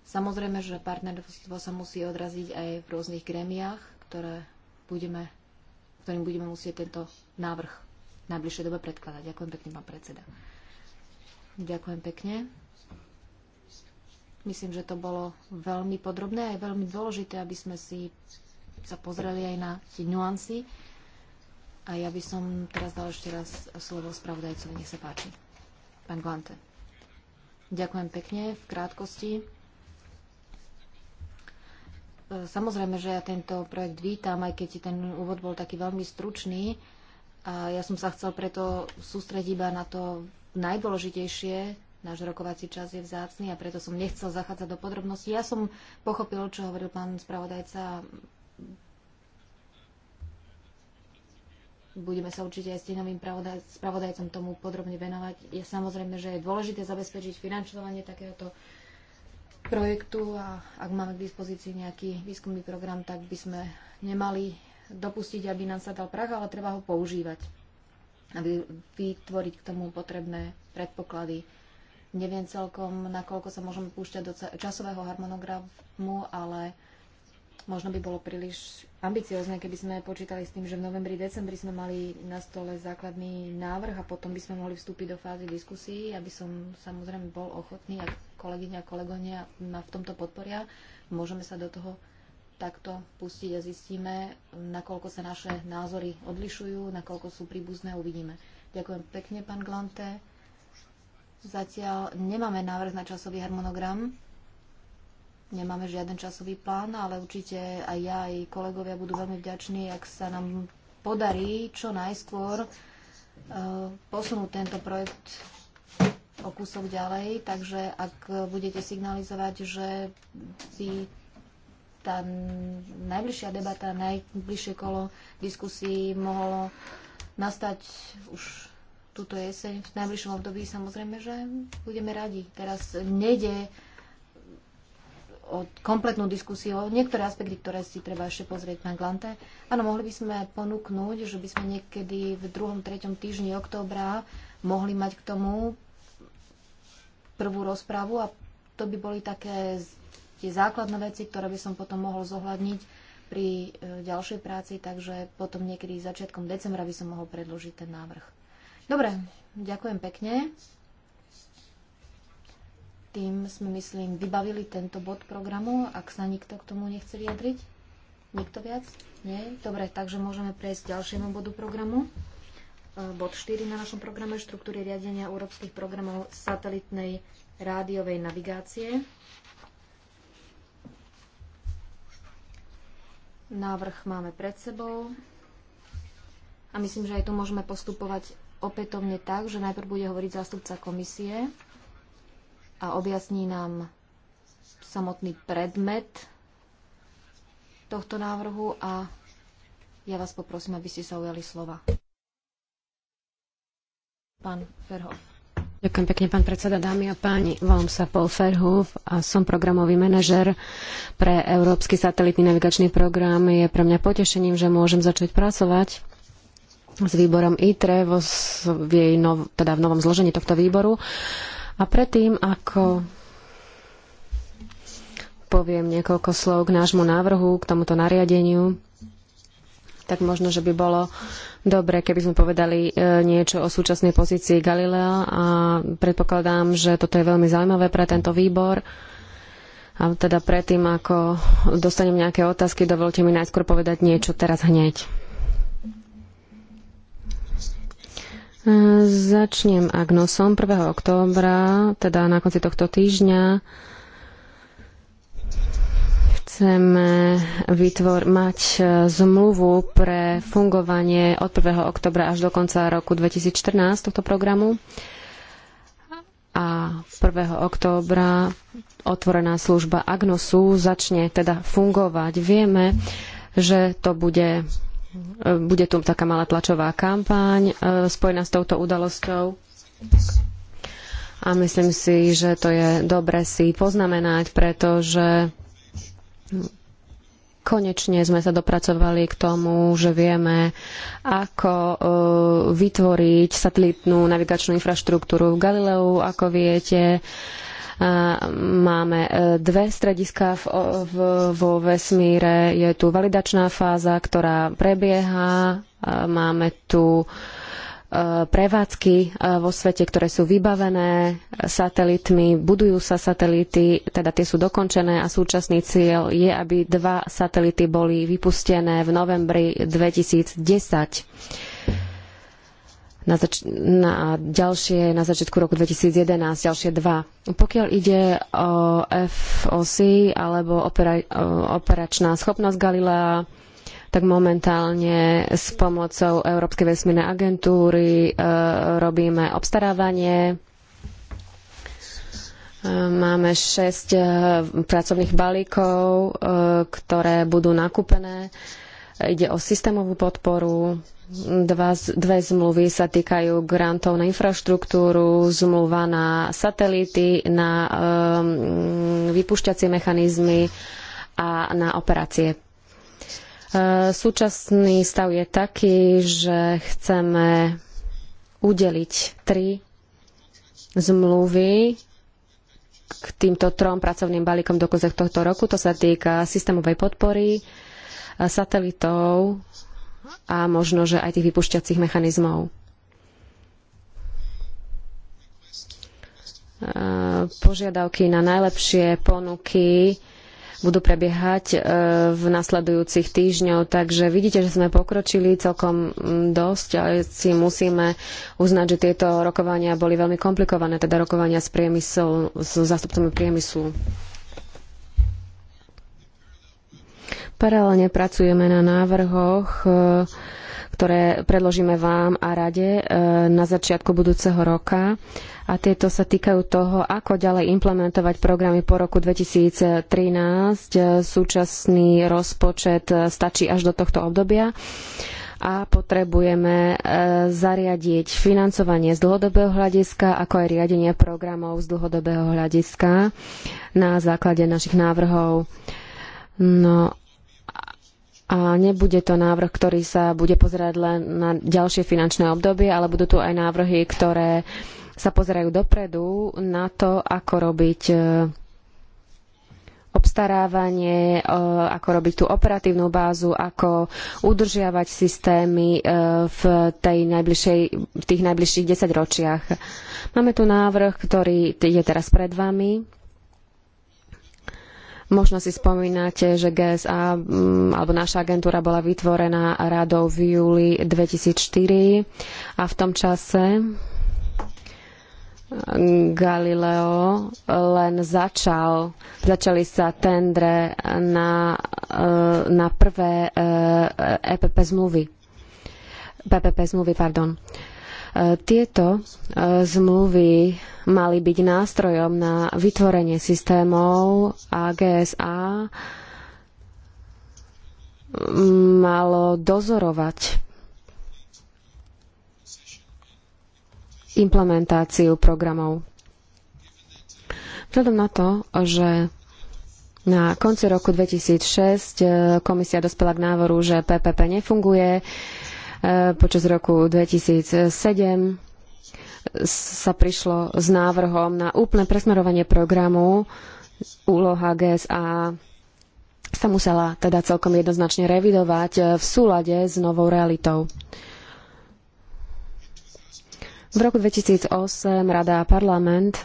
Samozrejme, že partnerstvo sa musí odraziť aj v rôznych gremiách, ktoré budeme, ktorým budeme musieť tento návrh v najbližšej dobe predkladať. Ďakujem pekne, pán predseda. Ďakujem pekne. Myslím, že to bolo veľmi podrobné a je veľmi dôležité, aby sme si sa pozreli aj na tie nuancy. A ja by som teraz dal ešte raz slovo spravodajcovi. Nech sa páči. Pán Guante. Ďakujem pekne. V krátkosti. E, samozrejme, že ja tento projekt vítam, aj keď ten úvod bol taký veľmi stručný. A ja som sa chcel preto sústrediť iba na to najdôležitejšie, Náš rokovací čas je vzácný a preto som nechcel zachádzať do podrobností. Ja som pochopil, čo hovoril pán spravodajca. Budeme sa určite aj s novým spravodajcom tomu podrobne venovať. Je samozrejme, že je dôležité zabezpečiť financovanie takéhoto projektu a ak máme k dispozícii nejaký výskumný program, tak by sme nemali dopustiť, aby nám sa dal prach, ale treba ho používať aby vytvoriť k tomu potrebné predpoklady Neviem celkom, nakoľko sa môžeme púšťať do časového harmonogramu, ale možno by bolo príliš ambiciozne, keby sme počítali s tým, že v novembri, decembri sme mali na stole základný návrh a potom by sme mohli vstúpiť do fázy diskusí. aby som samozrejme bol ochotný, ak kolegyňa a kolegovia ma v tomto podporia, môžeme sa do toho takto pustiť a zistíme, nakoľko sa naše názory odlišujú, nakoľko sú príbuzné, uvidíme. Ďakujem pekne, pán Glante. Zatiaľ nemáme návrh na časový harmonogram, nemáme žiaden časový plán, ale určite aj ja, aj kolegovia budú veľmi vďační, ak sa nám podarí čo najskôr e, posunúť tento projekt o kúsok ďalej, takže ak budete signalizovať, že si tá najbližšia debata, najbližšie kolo diskusí mohlo nastať už túto jeseň, v najbližšom období, samozrejme, že budeme radi. Teraz nejde o kompletnú diskusiu, o niektoré aspekty, ktoré si treba ešte pozrieť, na Glante. Áno, mohli by sme ponúknuť, že by sme niekedy v druhom, treťom týždni októbra mohli mať k tomu prvú rozprávu a to by boli také tie základné veci, ktoré by som potom mohol zohľadniť pri e, ďalšej práci, takže potom niekedy začiatkom decembra by som mohol predložiť ten návrh. Dobre, ďakujem pekne. Tým sme, myslím, vybavili tento bod programu, ak sa nikto k tomu nechce vyjadriť. Nikto viac? Nie? Dobre, takže môžeme prejsť k ďalšiemu bodu programu. E, bod 4 na našom programe štruktúry riadenia európskych programov satelitnej rádiovej navigácie. Návrh máme pred sebou a myslím, že aj tu môžeme postupovať opätovne tak, že najprv bude hovoriť zástupca komisie a objasní nám samotný predmet tohto návrhu a ja vás poprosím, aby ste sa ujali slova. Pán Ferhoff. Ďakujem pekne, pán predseda, dámy a páni. Volám sa Paul Ferhuf a som programový manažer pre Európsky satelitný navigačný program. Je pre mňa potešením, že môžem začať pracovať s výborom ITRE vo, v, jej nov, teda v novom zložení tohto výboru. A predtým, ako poviem niekoľko slov k nášmu návrhu, k tomuto nariadeniu, tak možno, že by bolo dobre, keby sme povedali e, niečo o súčasnej pozícii Galilea a predpokladám, že toto je veľmi zaujímavé pre tento výbor. A teda predtým, ako dostanem nejaké otázky, dovolte mi najskôr povedať niečo teraz hneď. Začnem Agnosom 1. októbra, teda na konci tohto týždňa. Chceme vytvor- mať eh, zmluvu pre fungovanie od 1. oktobra až do konca roku 2014 tohto programu a 1. októbra otvorená služba Agnosu začne teda fungovať. Vieme, že to bude bude tu taká malá tlačová kampaň e, spojená s touto udalosťou. A myslím si, že to je dobre si poznamenať, pretože konečne sme sa dopracovali k tomu, že vieme, ako e, vytvoriť satelitnú navigačnú infraštruktúru v Galileu. Ako viete, Máme e, dve strediská vo vesmíre. Je tu validačná fáza, ktorá prebieha. E, máme tu e, prevádzky vo svete, ktoré sú vybavené satelitmi, budujú sa satelity, teda tie sú dokončené a súčasný cieľ je, aby dva satelity boli vypustené v novembri 2010 na, zač- na ďalšie na začiatku roku 2011, ďalšie dva. Pokiaľ ide o FOC alebo opera- operačná schopnosť Galilea, tak momentálne s pomocou Európskej vesmírnej agentúry e, robíme obstarávanie. E, máme 6 e, pracovných balíkov, e, ktoré budú nakúpené. Ide o systémovú podporu Dva, dve zmluvy sa týkajú grantov na infraštruktúru, zmluva na satelity, na um, ehm, vypušťacie mechanizmy a na operácie. Uh, súčasný stav je taký, že chceme udeliť tri zmluvy k týmto trom pracovným balíkom do tohto roku. To sa týka systémovej podpory, satelitov a možno, že aj tých vypušťacích mechanizmov. Požiadavky na najlepšie ponuky budú prebiehať e, v nasledujúcich týždňoch, takže vidíte, že sme pokročili celkom mm, dosť, ale si musíme uznať, že tieto rokovania boli veľmi komplikované, teda rokovania s, priemyslom, s zástupcami priemyslu. Paralelne pracujeme na návrhoch, e, ktoré predložíme vám a rade e, na začiatku budúceho roka. A tieto sa týkajú toho, ako ďalej implementovať programy po roku 2013. E, súčasný rozpočet stačí až do tohto obdobia a potrebujeme zariadiť financovanie z dlhodobého hľadiska, ako aj riadenie programov z dlhodobého hľadiska na základe našich návrhov. No a nebude to návrh, ktorý sa bude pozerať len na ďalšie finančné obdobie, ale budú tu aj návrhy, ktoré sa pozerajú dopredu na to, ako robiť e, obstarávanie, e, ako robiť tú operatívnu bázu, ako udržiavať systémy e, v, tej najbližšej, v tých najbližších desaťročiach. Máme tu návrh, ktorý je teraz pred vami Možno si spomínate, že GSA mm, alebo naša agentúra bola vytvorená radou v júli 2004 a v tom čase mm, Galileo len začal, začali sa tendre na, eh, na prvé EPP eh, eh, e zmluvy. PPP zmluvy, pardon. Uh, tieto e, zmluvy mali byť nástrojom na vytvorenie systémov a GSA malo dozorovať implementáciu programov. Vzhľadom na to, že na konci roku 2006 e, komisia dospela k návoru, že PPP nefunguje, Eh, počas roku 2007 sa prišlo s návrhom na úplné presmerovanie programu. Úloha GSA sa musela teda celkom jednoznačne revidovať eh, v súlade s novou realitou. V roku 2008 Rada a parlament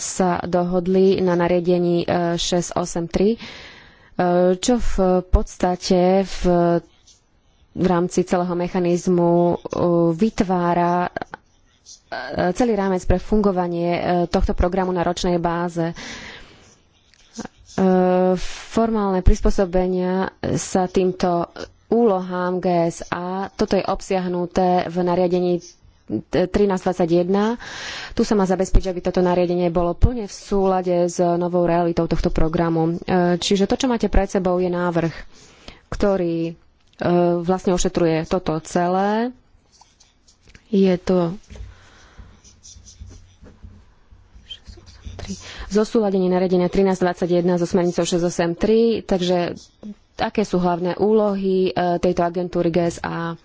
sa dohodli na nariadení 683, eh, čo v podstate v v rámci celého mechanizmu uh, vytvára uh, celý rámec pre fungovanie uh, tohto programu na ročnej báze. Formálne prispôsobenia sa týmto úlohám GSA, toto je obsiahnuté v nariadení 1321. Tu sa má zabezpečiť, aby toto nariadenie bolo plne v súlade s novou realitou tohto programu. Čiže to, čo máte pred sebou, je návrh, ktorý E, vlastne ošetruje toto celé. Je to zosúladenie nariadenia 1321 zo smernicou 683, takže aké sú hlavné úlohy e, tejto agentúry GSA?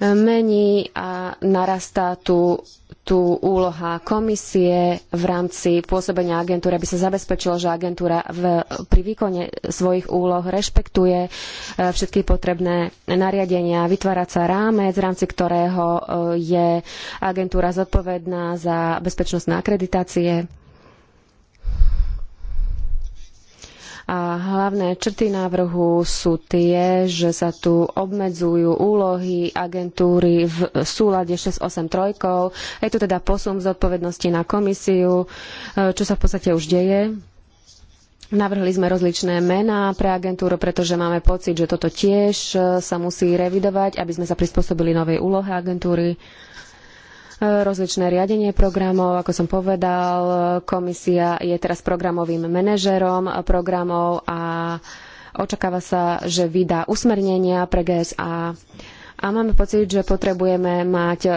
mení a narastá tu, tu úloha komisie v rámci pôsobenia agentúry, aby sa zabezpečilo, že agentúra v, pri výkone svojich úloh rešpektuje e, všetky potrebné nariadenia, vytvára sa rámec, v rámci ktorého e, je agentúra zodpovedná za bezpečnostné akreditácie A hlavné črty návrhu sú tie, že sa tu obmedzujú úlohy agentúry v súlade 683. Je tu teda posun zodpovednosti na komisiu, e, čo sa v podstate už deje. Navrhli sme rozličné mená pre agentúru, pretože máme pocit, že toto tiež e, sa musí revidovať, aby sme sa prispôsobili novej úlohe agentúry rozličné riadenie programov. Ako som povedal, komisia je teraz programovým manažerom programov a očakáva sa, že vydá usmernenia pre GSA. A máme pocit, že potrebujeme mať e,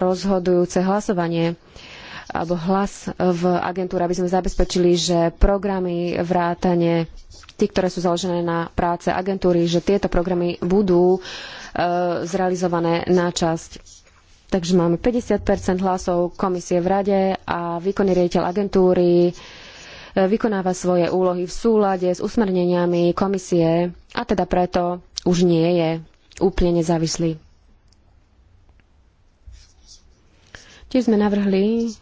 rozhodujúce hlasovanie alebo hlas v agentúre, aby sme zabezpečili, že programy vrátane tí, ktoré sú založené na práce agentúry, že tieto programy budú e, zrealizované na časť. Takže máme 50 hlasov komisie v rade a výkonný riaditeľ agentúry e, vykonáva svoje úlohy v súlade s usmerneniami komisie a teda preto už nie je úplne nezávislý. Tiež sme navrhli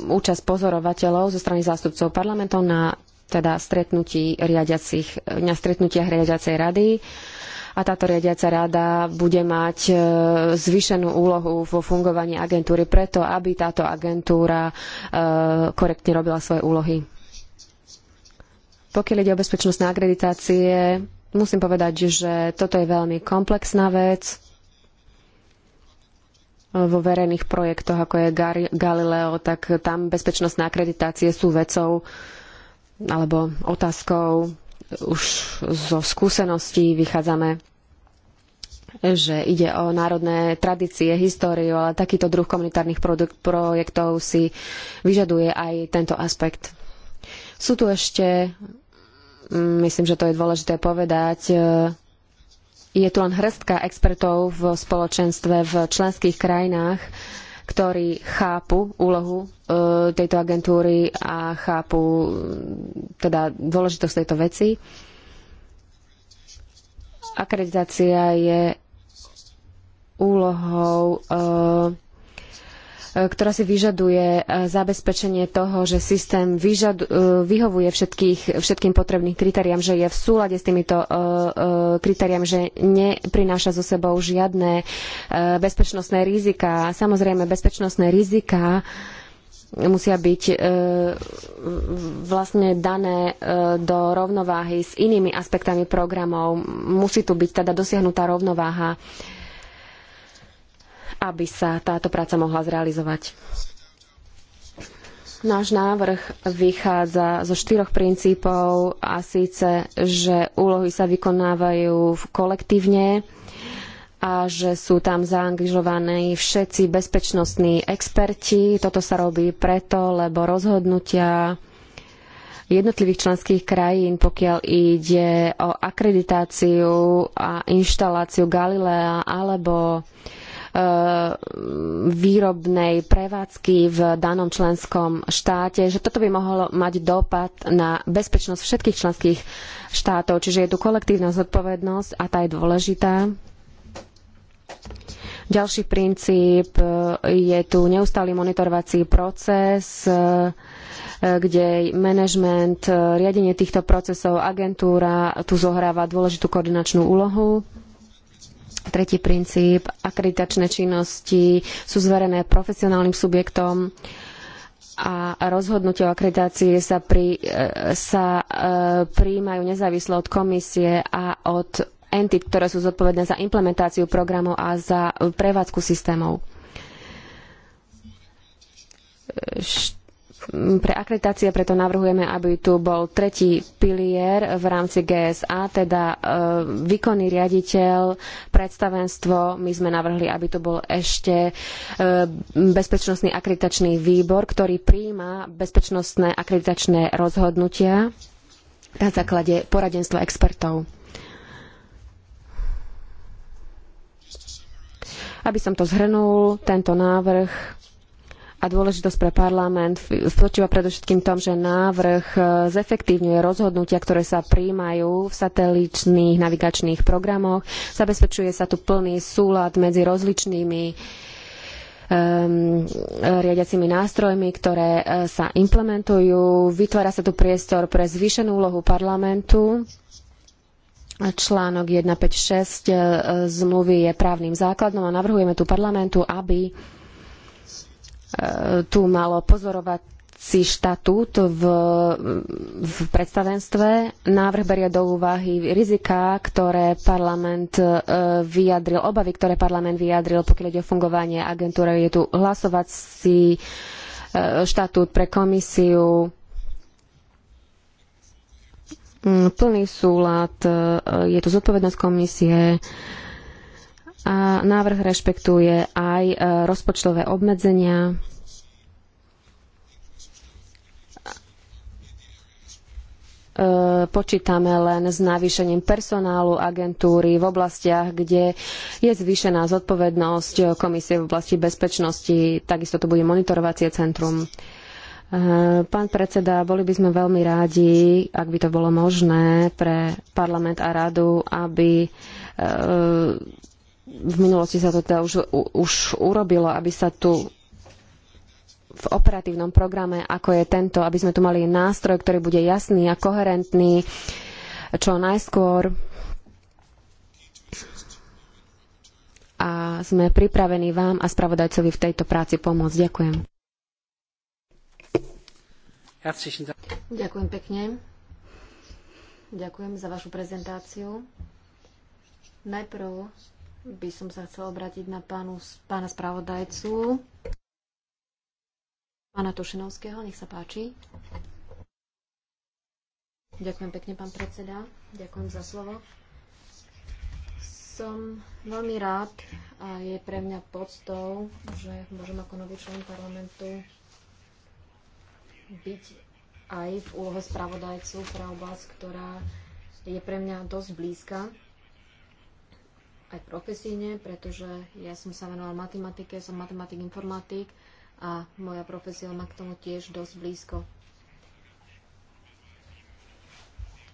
účasť pozorovateľov zo strany zástupcov parlamentov na teda stretnutí riadiacich, na stretnutiach riadiacej rady a táto riadiaca rada bude mať e, zvýšenú úlohu vo fungovaní agentúry preto, aby táto agentúra e, korektne robila svoje úlohy. Pokiaľ ide o bezpečnostné akreditácie, musím povedať, že toto je veľmi komplexná vec vo verejných projektoch, ako je Galileo, tak tam bezpečnostné akreditácie sú vecou alebo otázkou. Už zo skúseností vychádzame že ide o národné tradície, históriu, ale takýto druh komunitárnych projektov si vyžaduje aj tento aspekt. Sú tu ešte, mm, myslím, že to je dôležité povedať, e, je tu len hrstka expertov v spoločenstve v členských krajinách, ktorí chápu úlohu e, tejto agentúry a chápu mm, teda dôležitosť tejto veci. Akreditácia je úlohou, eh, ktorá si vyžaduje eh, zabezpečenie toho, že systém vyžadu, eh, vyhovuje všetkých, všetkým potrebným kritériám, že je v súlade s týmito kritériami, že neprináša so sebou žiadne bezpečnostné riziká. Samozrejme, bezpečnostné riziká musia byť e, vlastne dané e, do rovnováhy s inými aspektami programov. Musí tu byť teda dosiahnutá rovnováha, aby sa táto práca mohla zrealizovať. Náš návrh vychádza zo štyroch princípov a síce, že úlohy sa vykonávajú kolektívne, a že sú tam zaangažovaní všetci bezpečnostní experti. Toto sa robí preto, lebo rozhodnutia jednotlivých členských krajín, pokiaľ ide o akreditáciu a inštaláciu Galilea alebo e, výrobnej prevádzky v danom členskom štáte, že toto by mohlo mať dopad na bezpečnosť všetkých členských štátov. Čiže je tu kolektívna zodpovednosť a tá je dôležitá. Ďalší princíp e, je tu neustály monitorovací proces, e, kde manažment, e, riadenie týchto procesov, agentúra tu zohráva dôležitú koordinačnú úlohu. Tretí princíp, akreditačné činnosti sú zverené profesionálnym subjektom a rozhodnutie o akreditácii sa, pri, sa príjmajú nezávisle od komisie a od entit, ktoré sú zodpovedné za implementáciu programov a za e, prevádzku systémov. Pre akreditácie preto navrhujeme, aby tu bol tretí pilier v rámci GSA, teda e, výkonný riaditeľ, predstavenstvo. My sme navrhli, aby tu bol ešte e, bezpečnostný akreditačný výbor, ktorý príjma bezpečnostné akreditačné rozhodnutia na základe poradenstva expertov. Aby som to zhrnul, tento návrh a dôležitosť pre parlament spočíva predovšetkým v tom, že návrh e, zefektívňuje rozhodnutia, ktoré sa príjmajú v sateličných navigačných programoch. Zabezpečuje sa tu plný súlad medzi rozličnými um, riadiacimi nástrojmi, ktoré e, sa implementujú. Vytvára sa tu priestor pre zvýšenú úlohu parlamentu Článok 156 e, zmluvy je právnym základom a navrhujeme tu parlamentu, aby e, tu malo pozorovací štatút v, v predstavenstve. Návrh berie do úvahy riziká, ktoré parlament e, vyjadril, obavy, ktoré parlament vyjadril, pokiaľ ide o fungovanie agentúry. Je tu hlasovací štatút pre komisiu Mm, plný súlad, e, je tu zodpovednosť komisie a návrh rešpektuje aj e, rozpočtové obmedzenia. E, počítame len s navýšením personálu agentúry v oblastiach, kde je zvýšená zodpovednosť komisie v oblasti bezpečnosti. Takisto to bude monitorovacie centrum. Uh, Eh, pán predseda, boli by sme veľmi rádi, ak by to bolo možné pre parlament a radu, aby eh, v minulosti sa to teda už, už urobilo, aby sa tu v operatívnom programe, ako je tento, aby sme tu mali nástroj, ktorý bude jasný a koherentný čo najskôr. A sme pripravení vám a spravodajcovi v tejto práci pomôcť. Ďakujem. Ďakujem pekne. Ďakujem za vašu prezentáciu. Najprv by som sa chcela obrátiť na pánu, pána spravodajcu, pána Tošenovského. Nech sa páči. Ďakujem pekne, pán predseda. Ďakujem za slovo. Som veľmi rád a je pre mňa podstou, že môžem ako nový člen parlamentu byť aj v úlohe spravodajcu pre oblasť, ktorá je pre mňa dosť blízka aj profesíne, pretože ja som sa venoval matematike, som matematik informatik a moja profesia má k tomu tiež dosť blízko.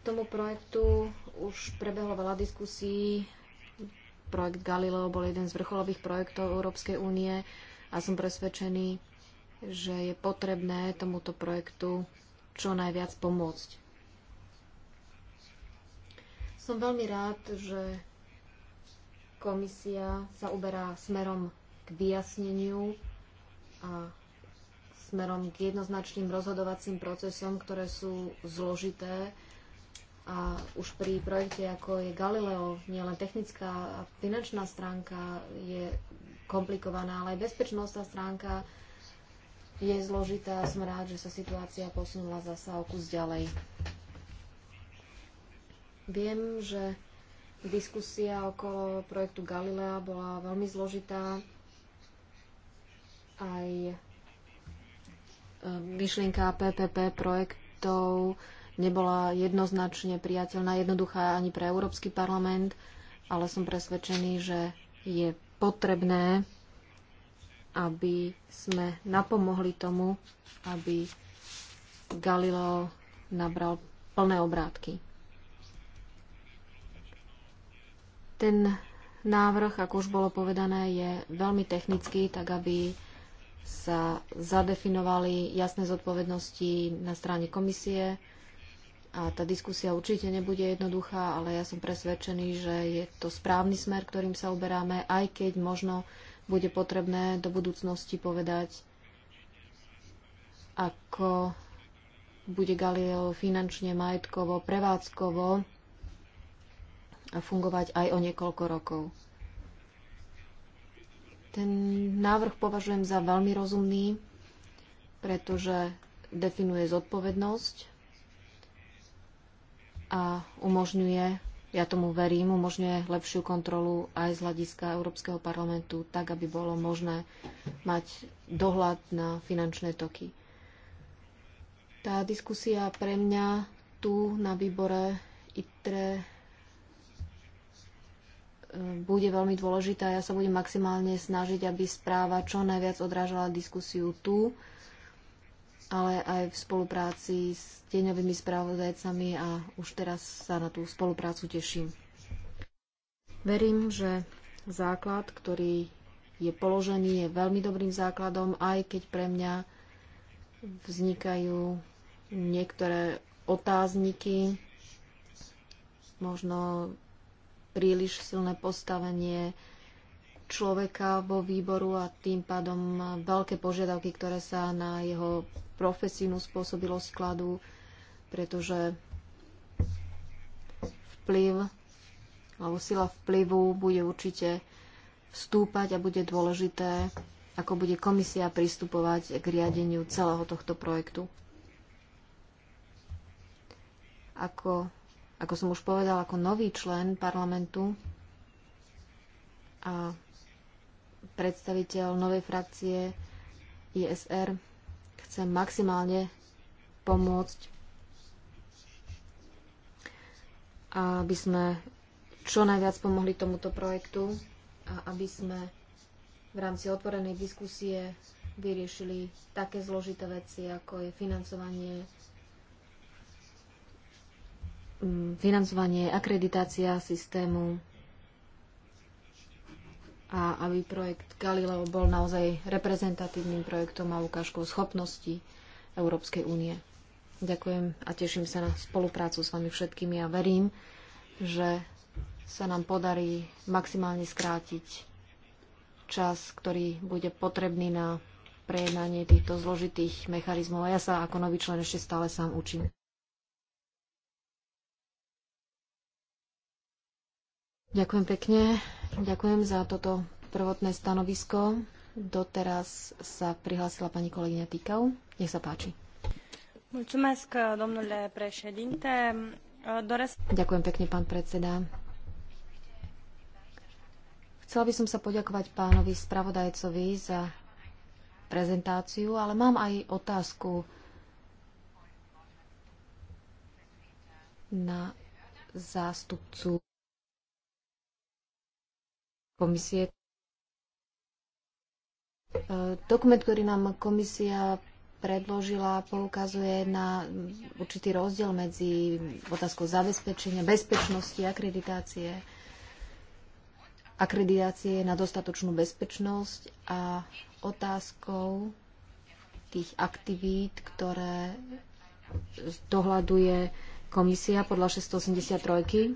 K tomu projektu už prebehlo veľa diskusí. Projekt Galileo bol jeden z vrcholových projektov Európskej únie a som presvedčený, že je potrebné tomuto projektu čo najviac pomôcť. Som veľmi rád, že komisia sa uberá smerom k vyjasneniu a smerom k jednoznačným rozhodovacím procesom, ktoré sú zložité. A už pri projekte, ako je Galileo, nielen technická a finančná stránka je komplikovaná, ale aj bezpečnostná stránka je zložitá a som rád, že sa situácia posunula zasa o kus ďalej. Viem, že diskusia okolo projektu Galilea bola veľmi zložitá. Aj e, myšlienka PPP projektov nebola jednoznačne priateľná, jednoduchá ani pre Európsky parlament, ale som presvedčený, že je potrebné aby sme napomohli tomu, aby Galileo nabral plné obrátky. Ten návrh, ako už bolo povedané, je veľmi technický, tak aby sa zadefinovali jasné zodpovednosti na strane komisie. A tá diskusia určite nebude jednoduchá, ale ja som presvedčený, že je to správny smer, ktorým sa uberáme, aj keď možno bude potrebné do budúcnosti povedať, ako bude Galileo finančne, majetkovo, prevádzkovo fungovať aj o niekoľko rokov. Ten návrh považujem za veľmi rozumný, pretože definuje zodpovednosť a umožňuje ja tomu verím, umožňuje lepšiu kontrolu aj z hľadiska Európskeho parlamentu, tak aby bolo možné mať dohľad na finančné toky. Tá diskusia pre mňa tu na výbore ITRE e, bude veľmi dôležitá. Ja sa budem maximálne snažiť, aby správa čo najviac odrážala diskusiu tu ale aj v spolupráci s tieňovými správodajcami a už teraz sa na tú spoluprácu teším. Verím, že základ, ktorý je položený, je veľmi dobrým základom, aj keď pre mňa vznikajú niektoré otázniky, možno príliš silné postavenie človeka vo výboru a tým pádom veľké požiadavky, ktoré sa na jeho profesijnú spôsobilosť skladu, pretože vplyv alebo sila vplyvu bude určite vstúpať a bude dôležité, ako bude komisia pristupovať k riadeniu celého tohto projektu. Ako, ako som už povedal, ako nový člen parlamentu a predstaviteľ novej frakcie ISR chcem maximálne pomôcť, aby sme čo najviac pomohli tomuto projektu a aby sme v rámci otvorenej diskusie vyriešili také zložité veci, ako je financovanie, mm, financovanie, akreditácia systému a aby projekt Galileo bol naozaj reprezentatívnym projektom a ukážkou schopností Európskej únie. Ďakujem a teším sa na spoluprácu s vami všetkými a verím, že sa nám podarí maximálne skrátiť čas, ktorý bude potrebný na prejednanie týchto zložitých mechanizmov. A ja sa ako nový člen ešte stále sám učím. Ďakujem pekne. Ďakujem za toto prvotné stanovisko. Doteraz sa prihlásila pani kolegyňa Týkau. Nech sa páči. Ďakujem pekne, pán predseda. Chcela by som sa poďakovať pánovi spravodajcovi za prezentáciu, ale mám aj otázku na zástupcu komisie. E, dokument, ktorý nám komisia predložila, poukazuje na určitý rozdiel medzi otázkou zabezpečenia, bezpečnosti, akreditácie, akreditácie na dostatočnú bezpečnosť a otázkou tých aktivít, ktoré dohľaduje komisia podľa 683.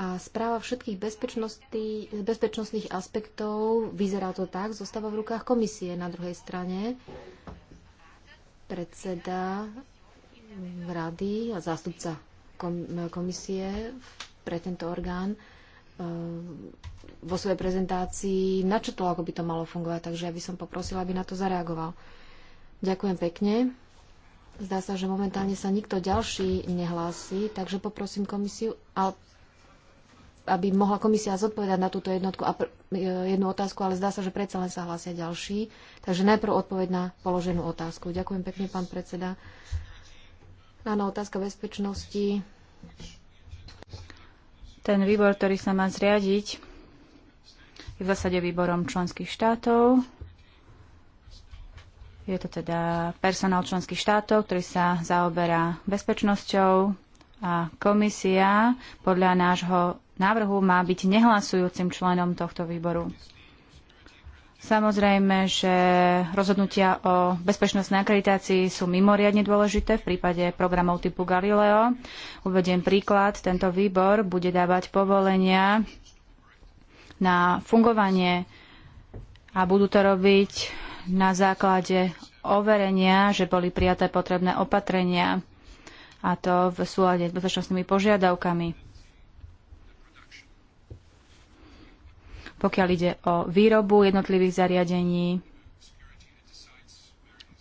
A správa všetkých bezpečnostných aspektov, vyzerá to tak, zostáva v rukách komisie. Na druhej strane predseda rady a zástupca komisie pre tento orgán eh, vo svojej prezentácii načetol, ako by to malo fungovať, takže ja by som poprosila, aby na to zareagoval. Ďakujem pekne. Zdá sa, že momentálne sa nikto ďalší nehlási, takže poprosím komisiu. A aby mohla komisia zodpovedať na túto jednotku a pr- e, jednu otázku, ale zdá sa, že predsa len sa hlásia ďalší. Takže najprv odpoveď na položenú otázku. Ďakujem pekne, pán predseda. Áno, otázka bezpečnosti. Ten výbor, ktorý sa má zriadiť, je v zásade výborom členských štátov. Je to teda personál členských štátov, ktorý sa zaoberá bezpečnosťou a komisia podľa nášho návrhu má byť nehlasujúcim členom tohto výboru. Samozrejme, že rozhodnutia o bezpečnostnej akreditácii sú mimoriadne dôležité v prípade programov typu Galileo. Uvediem príklad, tento výbor bude dávať povolenia na fungovanie a budú to robiť na základe overenia, že boli prijaté potrebné opatrenia a to v súlade s bezpečnostnými požiadavkami. pokiaľ ide o výrobu jednotlivých zariadení,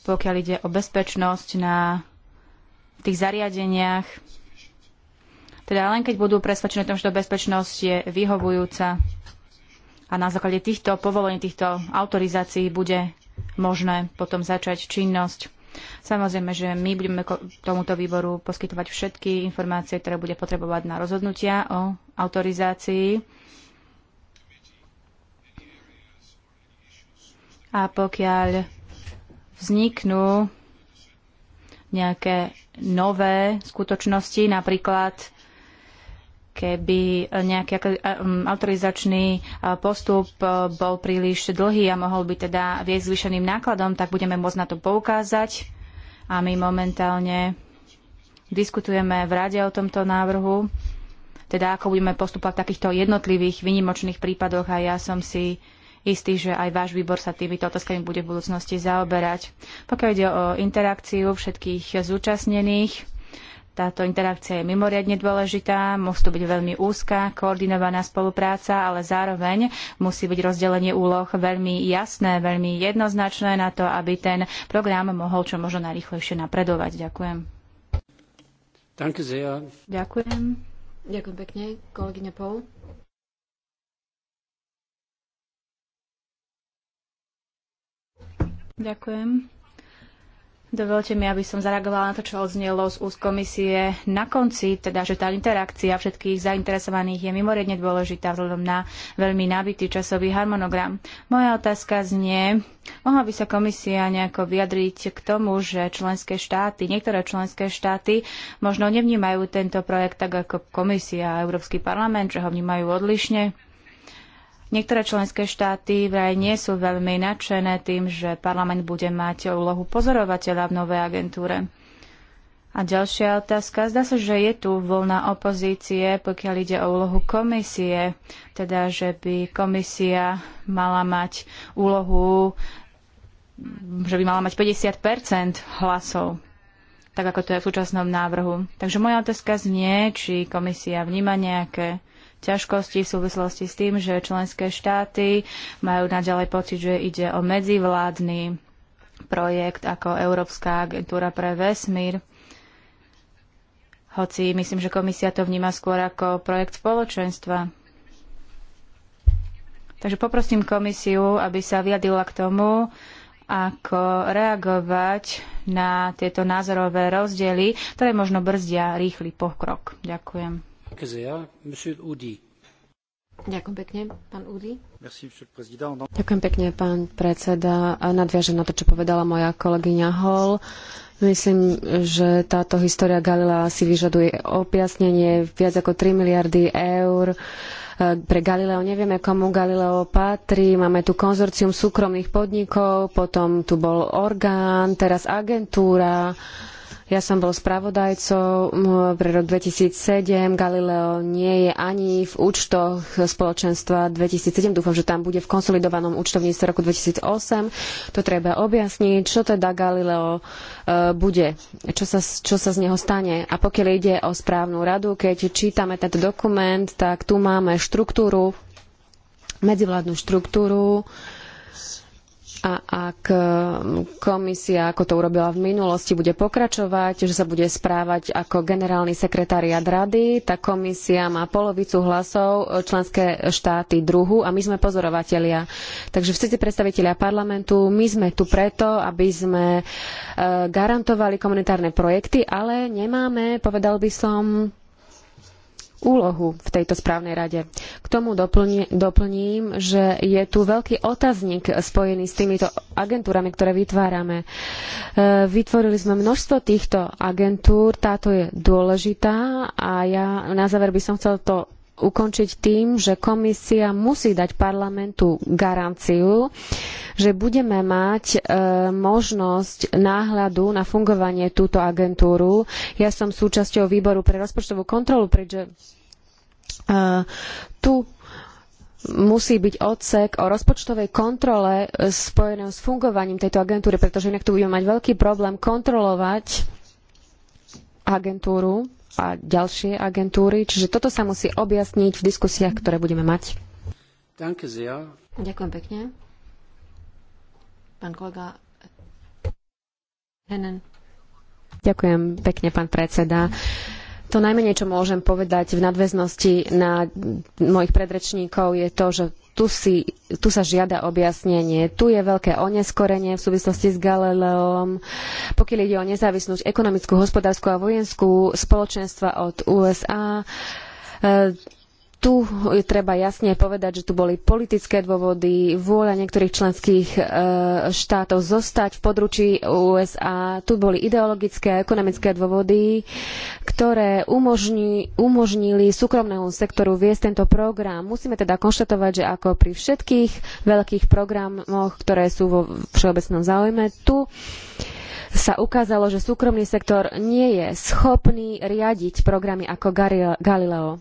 pokiaľ ide o bezpečnosť na tých zariadeniach. Teda len keď budú presvedčené o tom, že to bezpečnosť je vyhovujúca a na základe týchto povolení, týchto autorizácií bude možné potom začať činnosť. Samozrejme, že my budeme tomuto výboru poskytovať všetky informácie, ktoré bude potrebovať na rozhodnutia o autorizácii a pokiaľ vzniknú nejaké nové skutočnosti, napríklad keby nejaký um, autorizačný postup bol príliš dlhý a mohol by teda viesť zvýšeným nákladom, tak budeme môcť na to poukázať. A my momentálne diskutujeme v rade o tomto návrhu, teda ako budeme postupovať v takýchto jednotlivých výnimočných prípadoch a ja som si istý, že aj váš výbor sa týmito otázkami bude v budúcnosti zaoberať. Pokiaľ ide o interakciu všetkých zúčastnených, táto interakcia je mimoriadne dôležitá, musí to byť veľmi úzka, koordinovaná spolupráca, ale zároveň musí byť rozdelenie úloh veľmi jasné, veľmi jednoznačné na to, aby ten program mohol čo možno najrychlejšie napredovať. Ďakujem. Ďakujem. Ďakujem pekne, kolegyňa Paul. Ďakujem. Dovolte mi, aby som zareagovala na to, čo odznelo z úst komisie na konci, teda, že tá interakcia všetkých zainteresovaných je mimoriadne dôležitá vzhľadom na veľmi nabitý časový harmonogram. Moja otázka znie, mohla by sa komisia nejako vyjadriť k tomu, že členské štáty, niektoré členské štáty možno nevnímajú tento projekt tak ako komisia a Európsky parlament, že ho vnímajú odlišne? Niektoré členské štáty vraj nie sú veľmi nadšené tým, že parlament bude mať úlohu pozorovateľa v novej agentúre. A ďalšia otázka. Zdá sa, že je tu voľná opozície, pokiaľ ide o úlohu komisie, teda že by komisia mala mať úlohu, že by mala mať 50 hlasov tak ako to je v súčasnom návrhu. Takže moja otázka znie, či komisia vníma nejaké ťažkosti v súvislosti s tým, že členské štáty majú naďalej pocit, že ide o medzivládny projekt ako Európska agentúra pre vesmír. Hoci myslím, že komisia to vníma skôr ako projekt spoločenstva. Takže poprosím komisiu, aby sa vyjadila k tomu, ako reagovať na tieto názorové rozdiely, ktoré možno brzdia rýchly pokrok. Ďakujem. Ďakujem pekne, pán Ďakujem pekne, pán predseda. Nadviažem na to, čo povedala moja kolegyňa Hall. Myslím, že táto história Galilea si vyžaduje objasnenie viac ako 3 miliardy eur e, pre Galileo. Nevieme, komu Galileo patrí. Máme tu konzorcium súkromných podnikov, potom tu bol orgán, teraz agentúra. Ja som bol spravodajcou pre rok 2007. Galileo nie je ani v účtoch spoločenstva 2007. Dúfam, že tam bude v konsolidovanom účtovníctve roku 2008. To treba objasniť, čo teda Galileo e, bude, čo sa, čo sa z neho stane. A pokiaľ ide o správnu radu, keď čítame tento dokument, tak tu máme štruktúru, medzivládnu štruktúru, a ak mm, komisia, ako to urobila v minulosti, bude pokračovať, že sa bude správať ako generálny sekretariat rady, tak komisia má polovicu hlasov, e, členské štáty druhu a my sme pozorovatelia. Takže všetci predstavitelia parlamentu, my sme tu preto, aby sme e, garantovali komunitárne projekty, ale nemáme, povedal by som, úlohu v tejto správnej rade. K tomu doplním, že je tu veľký otazník spojený s týmito agentúrami, ktoré vytvárame. E, vytvorili sme množstvo týchto agentúr, táto je dôležitá a ja na záver by som chcel to ukončiť tým, že komisia musí dať parlamentu garanciu, že budeme mať e, možnosť náhľadu na fungovanie túto agentúru. Ja som súčasťou výboru pre rozpočtovú kontrolu, pretože e, tu musí byť odsek o rozpočtovej kontrole spojenom s fungovaním tejto agentúry, pretože inak tu budeme mať veľký problém kontrolovať agentúru a ďalšie agentúry. Čiže toto sa musí objasniť v diskusiách, ktoré budeme mať. Ďakujem pekne. Pán kolega Henen. Ďakujem pekne, pán predseda. Uh, to najmenej, čo môžem povedať v nadväznosti na mojich predrečníkov, je to, že tu, si, tu sa žiada objasnenie. Tu je veľké oneskorenie v súvislosti s Galileom. Pokiaľ ide o nezávislosť ekonomickú, hospodársku a vojenskú spoločenstva od USA, e, tu je treba jasne povedať, že tu boli politické dôvody, vôľa niektorých členských e, štátov zostať v područí USA, tu boli ideologické a ekonomické dôvody, ktoré umožni, umožnili súkromnému sektoru viesť tento program. Musíme teda konštatovať, že ako pri všetkých veľkých programoch, ktoré sú vo všeobecnom záujme, tu sa ukázalo, že súkromný sektor nie je schopný riadiť programy ako Galileo.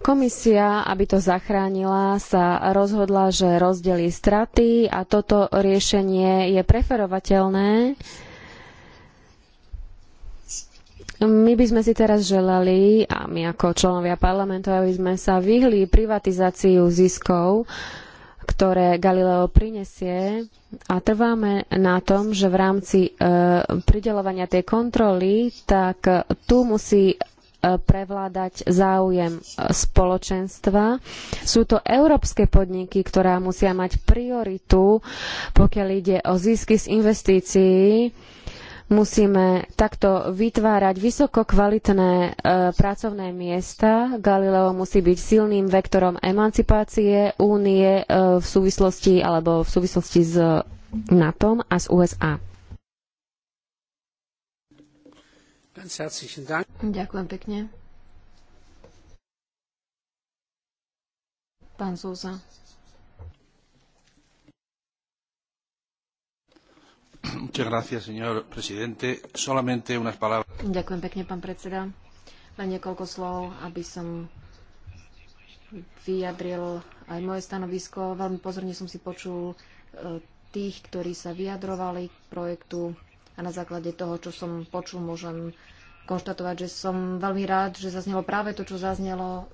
Komisia, aby to zachránila, sa rozhodla, že rozdelí straty a toto riešenie je preferovateľné. My by sme si teraz želali, a my ako členovia parlamentu, aby sme sa vyhli privatizáciu ziskov, ktoré Galileo prinesie a trváme na tom, že v rámci e, prideľovania tej kontroly, tak tu musí E, prevládať záujem e, spoločenstva. Sú to európske podniky, ktoré musia mať prioritu, pokiaľ ide o zisky z investícií. Musíme takto vytvárať vysokokvalitné e, pracovné miesta. Galileo musí byť silným vektorom emancipácie únie e, v súvislosti alebo v súvislosti s NATO a s USA. Ganz herzlichen Dank. Ďakujem pekne. Pán Zúza. Ďakujem pekne, pán predseda. Len niekoľko slov, aby som vyjadril aj moje stanovisko. Veľmi pozorne som si počul e, tých, ktorí sa vyjadrovali k projektu a na základe toho, čo som počul, môžem konštatovať, že som veľmi rád, že zaznelo práve to, čo zaznelo.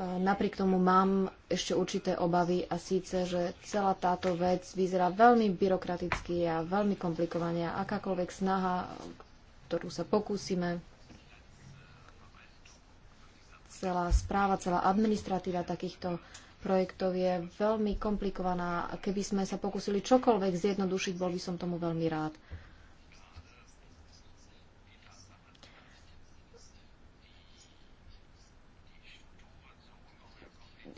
Napriek tomu mám ešte určité obavy a síce, že celá táto vec vyzerá veľmi byrokraticky a veľmi komplikovane a akákoľvek snaha, ktorú sa pokúsime, celá správa, celá administratíva takýchto projektov je veľmi komplikovaná a keby sme sa pokúsili čokoľvek zjednodušiť, bol by som tomu veľmi rád.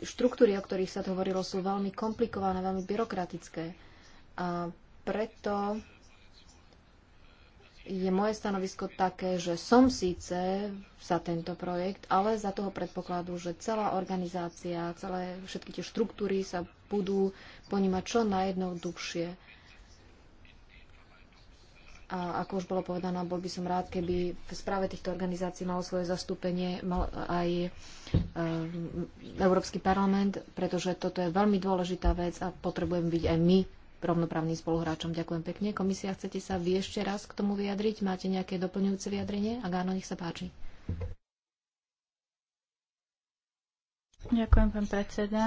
štruktúry, o ktorých sa hovorilo, sú veľmi komplikované, veľmi byrokratické. A preto je moje stanovisko také, že som síce za tento projekt, ale za toho predpokladu, že celá organizácia, celé všetky tie štruktúry sa budú ponímať čo najjednoduchšie. A ako už bolo povedané, bol by som rád, keby v správe týchto organizácií malo svoje zastúpenie mal aj e, Európsky parlament, pretože toto je veľmi dôležitá vec a potrebujeme byť aj my rovnoprávnym spoluhráčom. Ďakujem pekne. Komisia, chcete sa vy ešte raz k tomu vyjadriť? Máte nejaké doplňujúce vyjadrenie? Ak áno, nech sa páči. Ďakujem, pán predseda.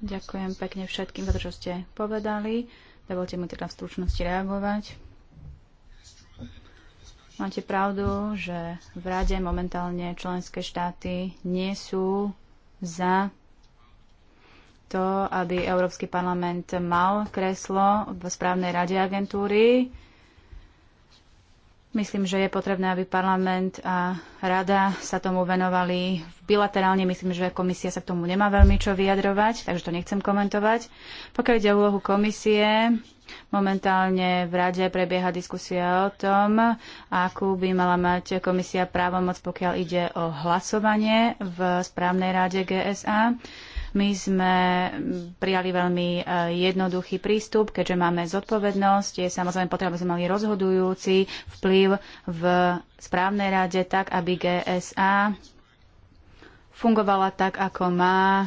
Ďakujem pekne všetkým za to, čo ste povedali. Dovolte mi teda v stručnosti reagovať. Máte pravdu, že v rade momentálne členské štáty nie sú za to, aby Európsky parlament mal kreslo v správnej rade agentúry. Myslím, že je potrebné, aby parlament a rada sa tomu venovali bilaterálne. Myslím, že komisia sa k tomu nemá veľmi čo vyjadrovať, takže to nechcem komentovať. Pokiaľ ide o úlohu komisie, Momentálne v rade prebieha diskusia o tom, akú by mala mať komisia právomoc, pokiaľ ide o hlasovanie v správnej rade GSA. My sme prijali veľmi e, jednoduchý prístup, keďže máme zodpovednosť. Je samozrejme potrebné, aby sme mali rozhodujúci vplyv v správnej rade tak, aby GSA fungovala tak, ako má,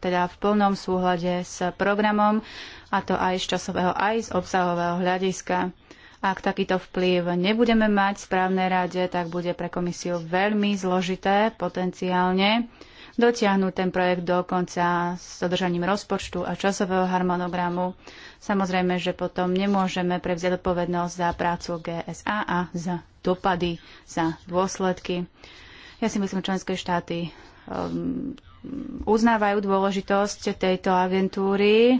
teda v plnom súhľade s programom a to aj z časového, aj z obsahového hľadiska. Ak takýto vplyv nebudeme mať v správnej rade, tak bude pre komisiu veľmi zložité potenciálne dotiahnuť ten projekt do konca s dodržaním rozpočtu a časového harmonogramu. Samozrejme, že potom nemôžeme prevziať odpovednosť za prácu GSA a za dopady, za dôsledky. Ja si myslím, členské štáty um, uznávajú dôležitosť tejto agentúry,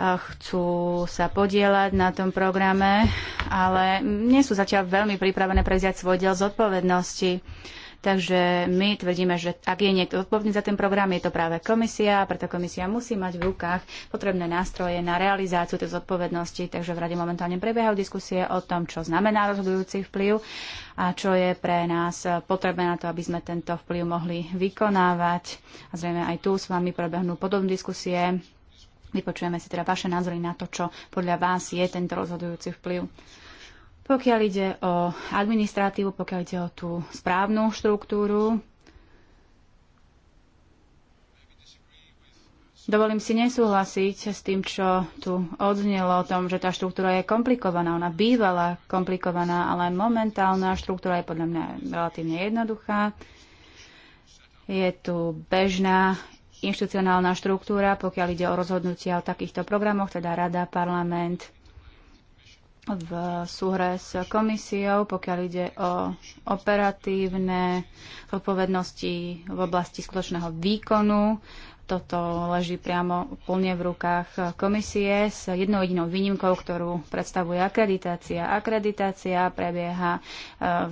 chcú sa podielať na tom programe, ale nie sú zatiaľ veľmi pripravené prevziať svoj diel zodpovednosti. Takže my tvrdíme, že ak je niekto odpovedný za ten program, je to práve komisia, a preto komisia musí mať v rukách potrebné nástroje na realizáciu tej zodpovednosti. Takže v rade momentálne prebiehajú diskusie o tom, čo znamená rozhodujúci vplyv a čo je pre nás potrebné na to, aby sme tento vplyv mohli vykonávať. A zrejme aj tu s vami prebehnú podobné diskusie Vypočujeme si teda vaše názory na to, čo podľa vás je tento rozhodujúci vplyv. Pokiaľ ide o administratívu, pokiaľ ide o tú správnu štruktúru, Dovolím si nesúhlasiť s tým, čo tu odznelo o tom, že tá štruktúra je komplikovaná. Ona bývala komplikovaná, ale momentálna štruktúra je podľa mňa relatívne jednoduchá. Je tu bežná inštitucionálna štruktúra, pokiaľ ide o rozhodnutia o takýchto programoch, teda Rada, Parlament v súhre s komisiou, pokiaľ ide o operatívne odpovednosti v oblasti skutočného výkonu toto leží priamo plne v rukách komisie s jednou jedinou výnimkou, ktorú predstavuje akreditácia. Akreditácia prebieha e,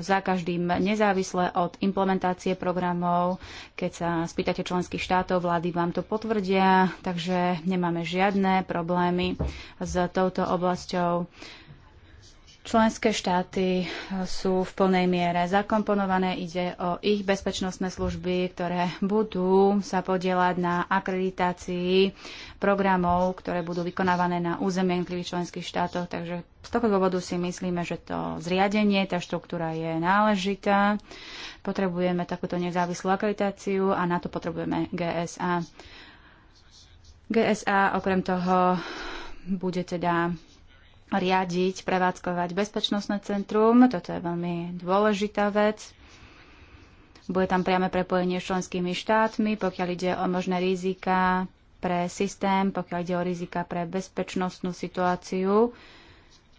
za každým nezávisle od implementácie programov. Keď sa spýtate členských štátov, vlády vám to potvrdia, takže nemáme žiadne problémy s touto oblasťou. Členské štáty eh, sú v plnej miere zakomponované, ide o ich bezpečnostné služby, ktoré budú sa podielať na akreditácii programov, ktoré budú vykonávané na území jednotlivých členských štátov. Takže z toho dôvodu si myslíme, že to zriadenie, tá štruktúra je náležitá. Potrebujeme takúto nezávislú akreditáciu a na to potrebujeme GSA. GSA okrem toho bude teda riadiť, prevádzkovať bezpečnostné centrum. Toto je veľmi dôležitá vec. Bude tam priame prepojenie s členskými štátmi, pokiaľ ide o možné rizika pre systém, pokiaľ ide o rizika pre bezpečnostnú situáciu.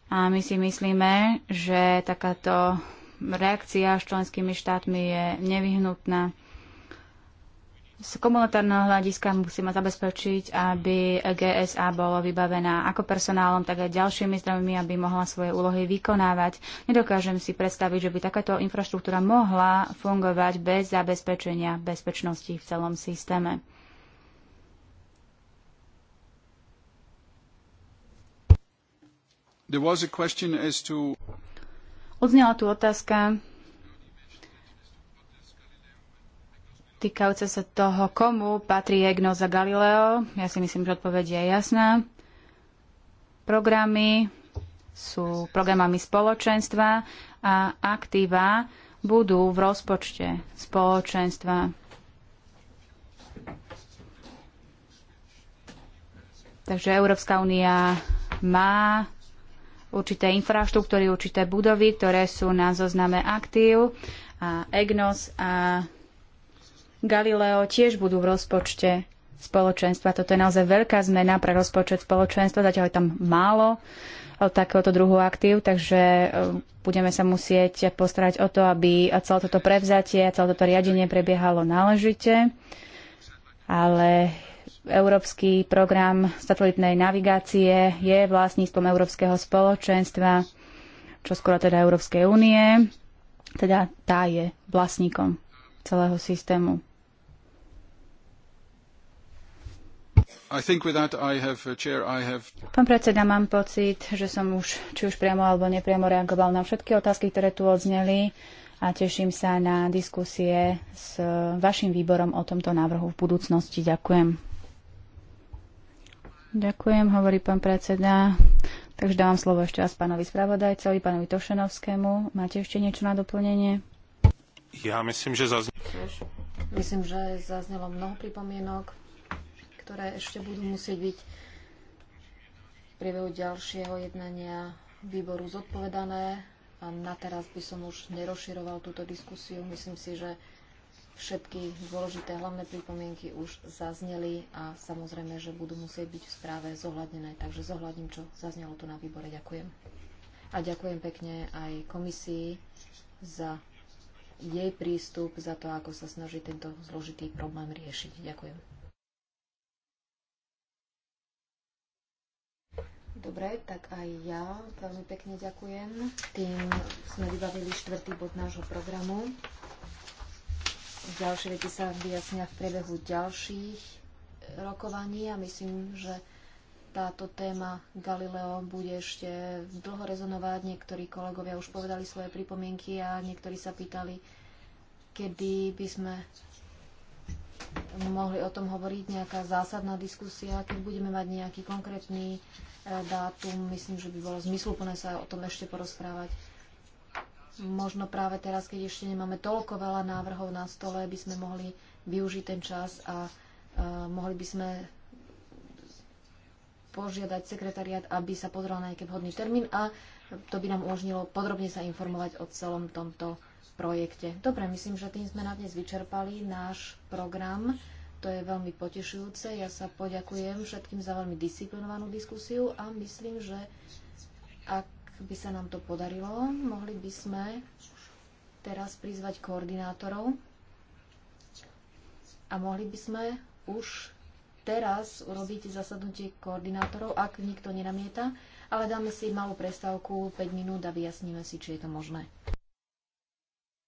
A my si myslíme, že takáto reakcia s členskými štátmi je nevyhnutná. Z komunitárneho hľadiska musíme zabezpečiť, aby GSA bolo vybavená ako personálom, tak aj ďalšími zdravými, aby mohla svoje úlohy vykonávať. Nedokážem si predstaviť, že by takáto infraštruktúra mohla fungovať bez zabezpečenia bezpečnosti v celom systéme. There was a question as to... tu otázka týkajúce sa toho, komu patrí EGNOS a Galileo. Ja si myslím, že odpoveď je jasná. Programy sú programami spoločenstva a aktíva budú v rozpočte spoločenstva. Takže Európska únia má určité infraštruktúry, určité budovy, ktoré sú na zozname aktív a EGNOS a Galileo tiež budú v rozpočte spoločenstva. Toto je naozaj veľká zmena pre rozpočet spoločenstva, zatiaľ je tam málo eh, takéhoto druhu aktív, takže eh, budeme sa musieť postarať o to, aby celé toto prevzatie, celé toto riadenie prebiehalo náležite. Ale Európsky program satelitnej navigácie je vlastníctvom Európskeho spoločenstva, čo skoro teda Európskej únie. Teda tá je vlastníkom celého systému. Uh, pán predseda, mám pocit, že som už, či už priamo alebo nepriamo reagoval na všetky otázky, ktoré tu odzneli a teším sa na diskusie s uh, vašim výborom o tomto návrhu v budúcnosti. Ďakujem. Ďakujem, hovorí pán predseda. Takže dávam slovo ešte raz pánovi spravodajcovi, pánovi Tošenovskému. Máte ešte niečo na doplnenie? Ja myslím, že zaznelo. Myslím, že zaznelo mnoho pripomienok ktoré ešte budú musieť byť v priebehu ďalšieho jednania výboru zodpovedané. A na teraz by som už nerozširoval túto diskusiu. Myslím si, že všetky dôležité hlavné pripomienky už zazneli a samozrejme, že budú musieť byť v správe zohľadnené. Takže zohľadním, čo zaznelo tu na výbore. Ďakujem. A ďakujem pekne aj komisii za jej prístup, za to, ako sa snaží tento zložitý problém riešiť. Ďakujem. Dobre, tak aj ja veľmi pekne ďakujem. Tým sme vybavili štvrtý bod nášho programu. Ďalšie veci sa vyjasnia v priebehu ďalších e, rokovaní a myslím, že táto téma Galileo bude ešte dlho rezonovať. Niektorí kolegovia už povedali svoje pripomienky a niektorí sa pýtali, kedy by sme mohli o tom hovoriť, nejaká zásadná diskusia, keď budeme mať nejaký konkrétny dátum, myslím, že by bolo zmysluplné sa o tom ešte porozprávať. Možno práve teraz, keď ešte nemáme toľko veľa návrhov na stole, by sme mohli využiť ten čas a uh, mohli by sme požiadať sekretariat, aby sa pozrel na nejaký vhodný termín a to by nám umožnilo podrobne sa informovať o celom tomto projekte. Dobre, myslím, že tým sme na dnes vyčerpali náš program. To je veľmi potešujúce. Ja sa poďakujem všetkým za veľmi disciplinovanú diskusiu a myslím, že ak by sa nám to podarilo, mohli by sme teraz prizvať koordinátorov a mohli by sme už teraz urobiť zasadnutie koordinátorov, ak nikto nenamieta, ale dáme si malú prestávku 5 minút a vyjasníme si, či je to možné.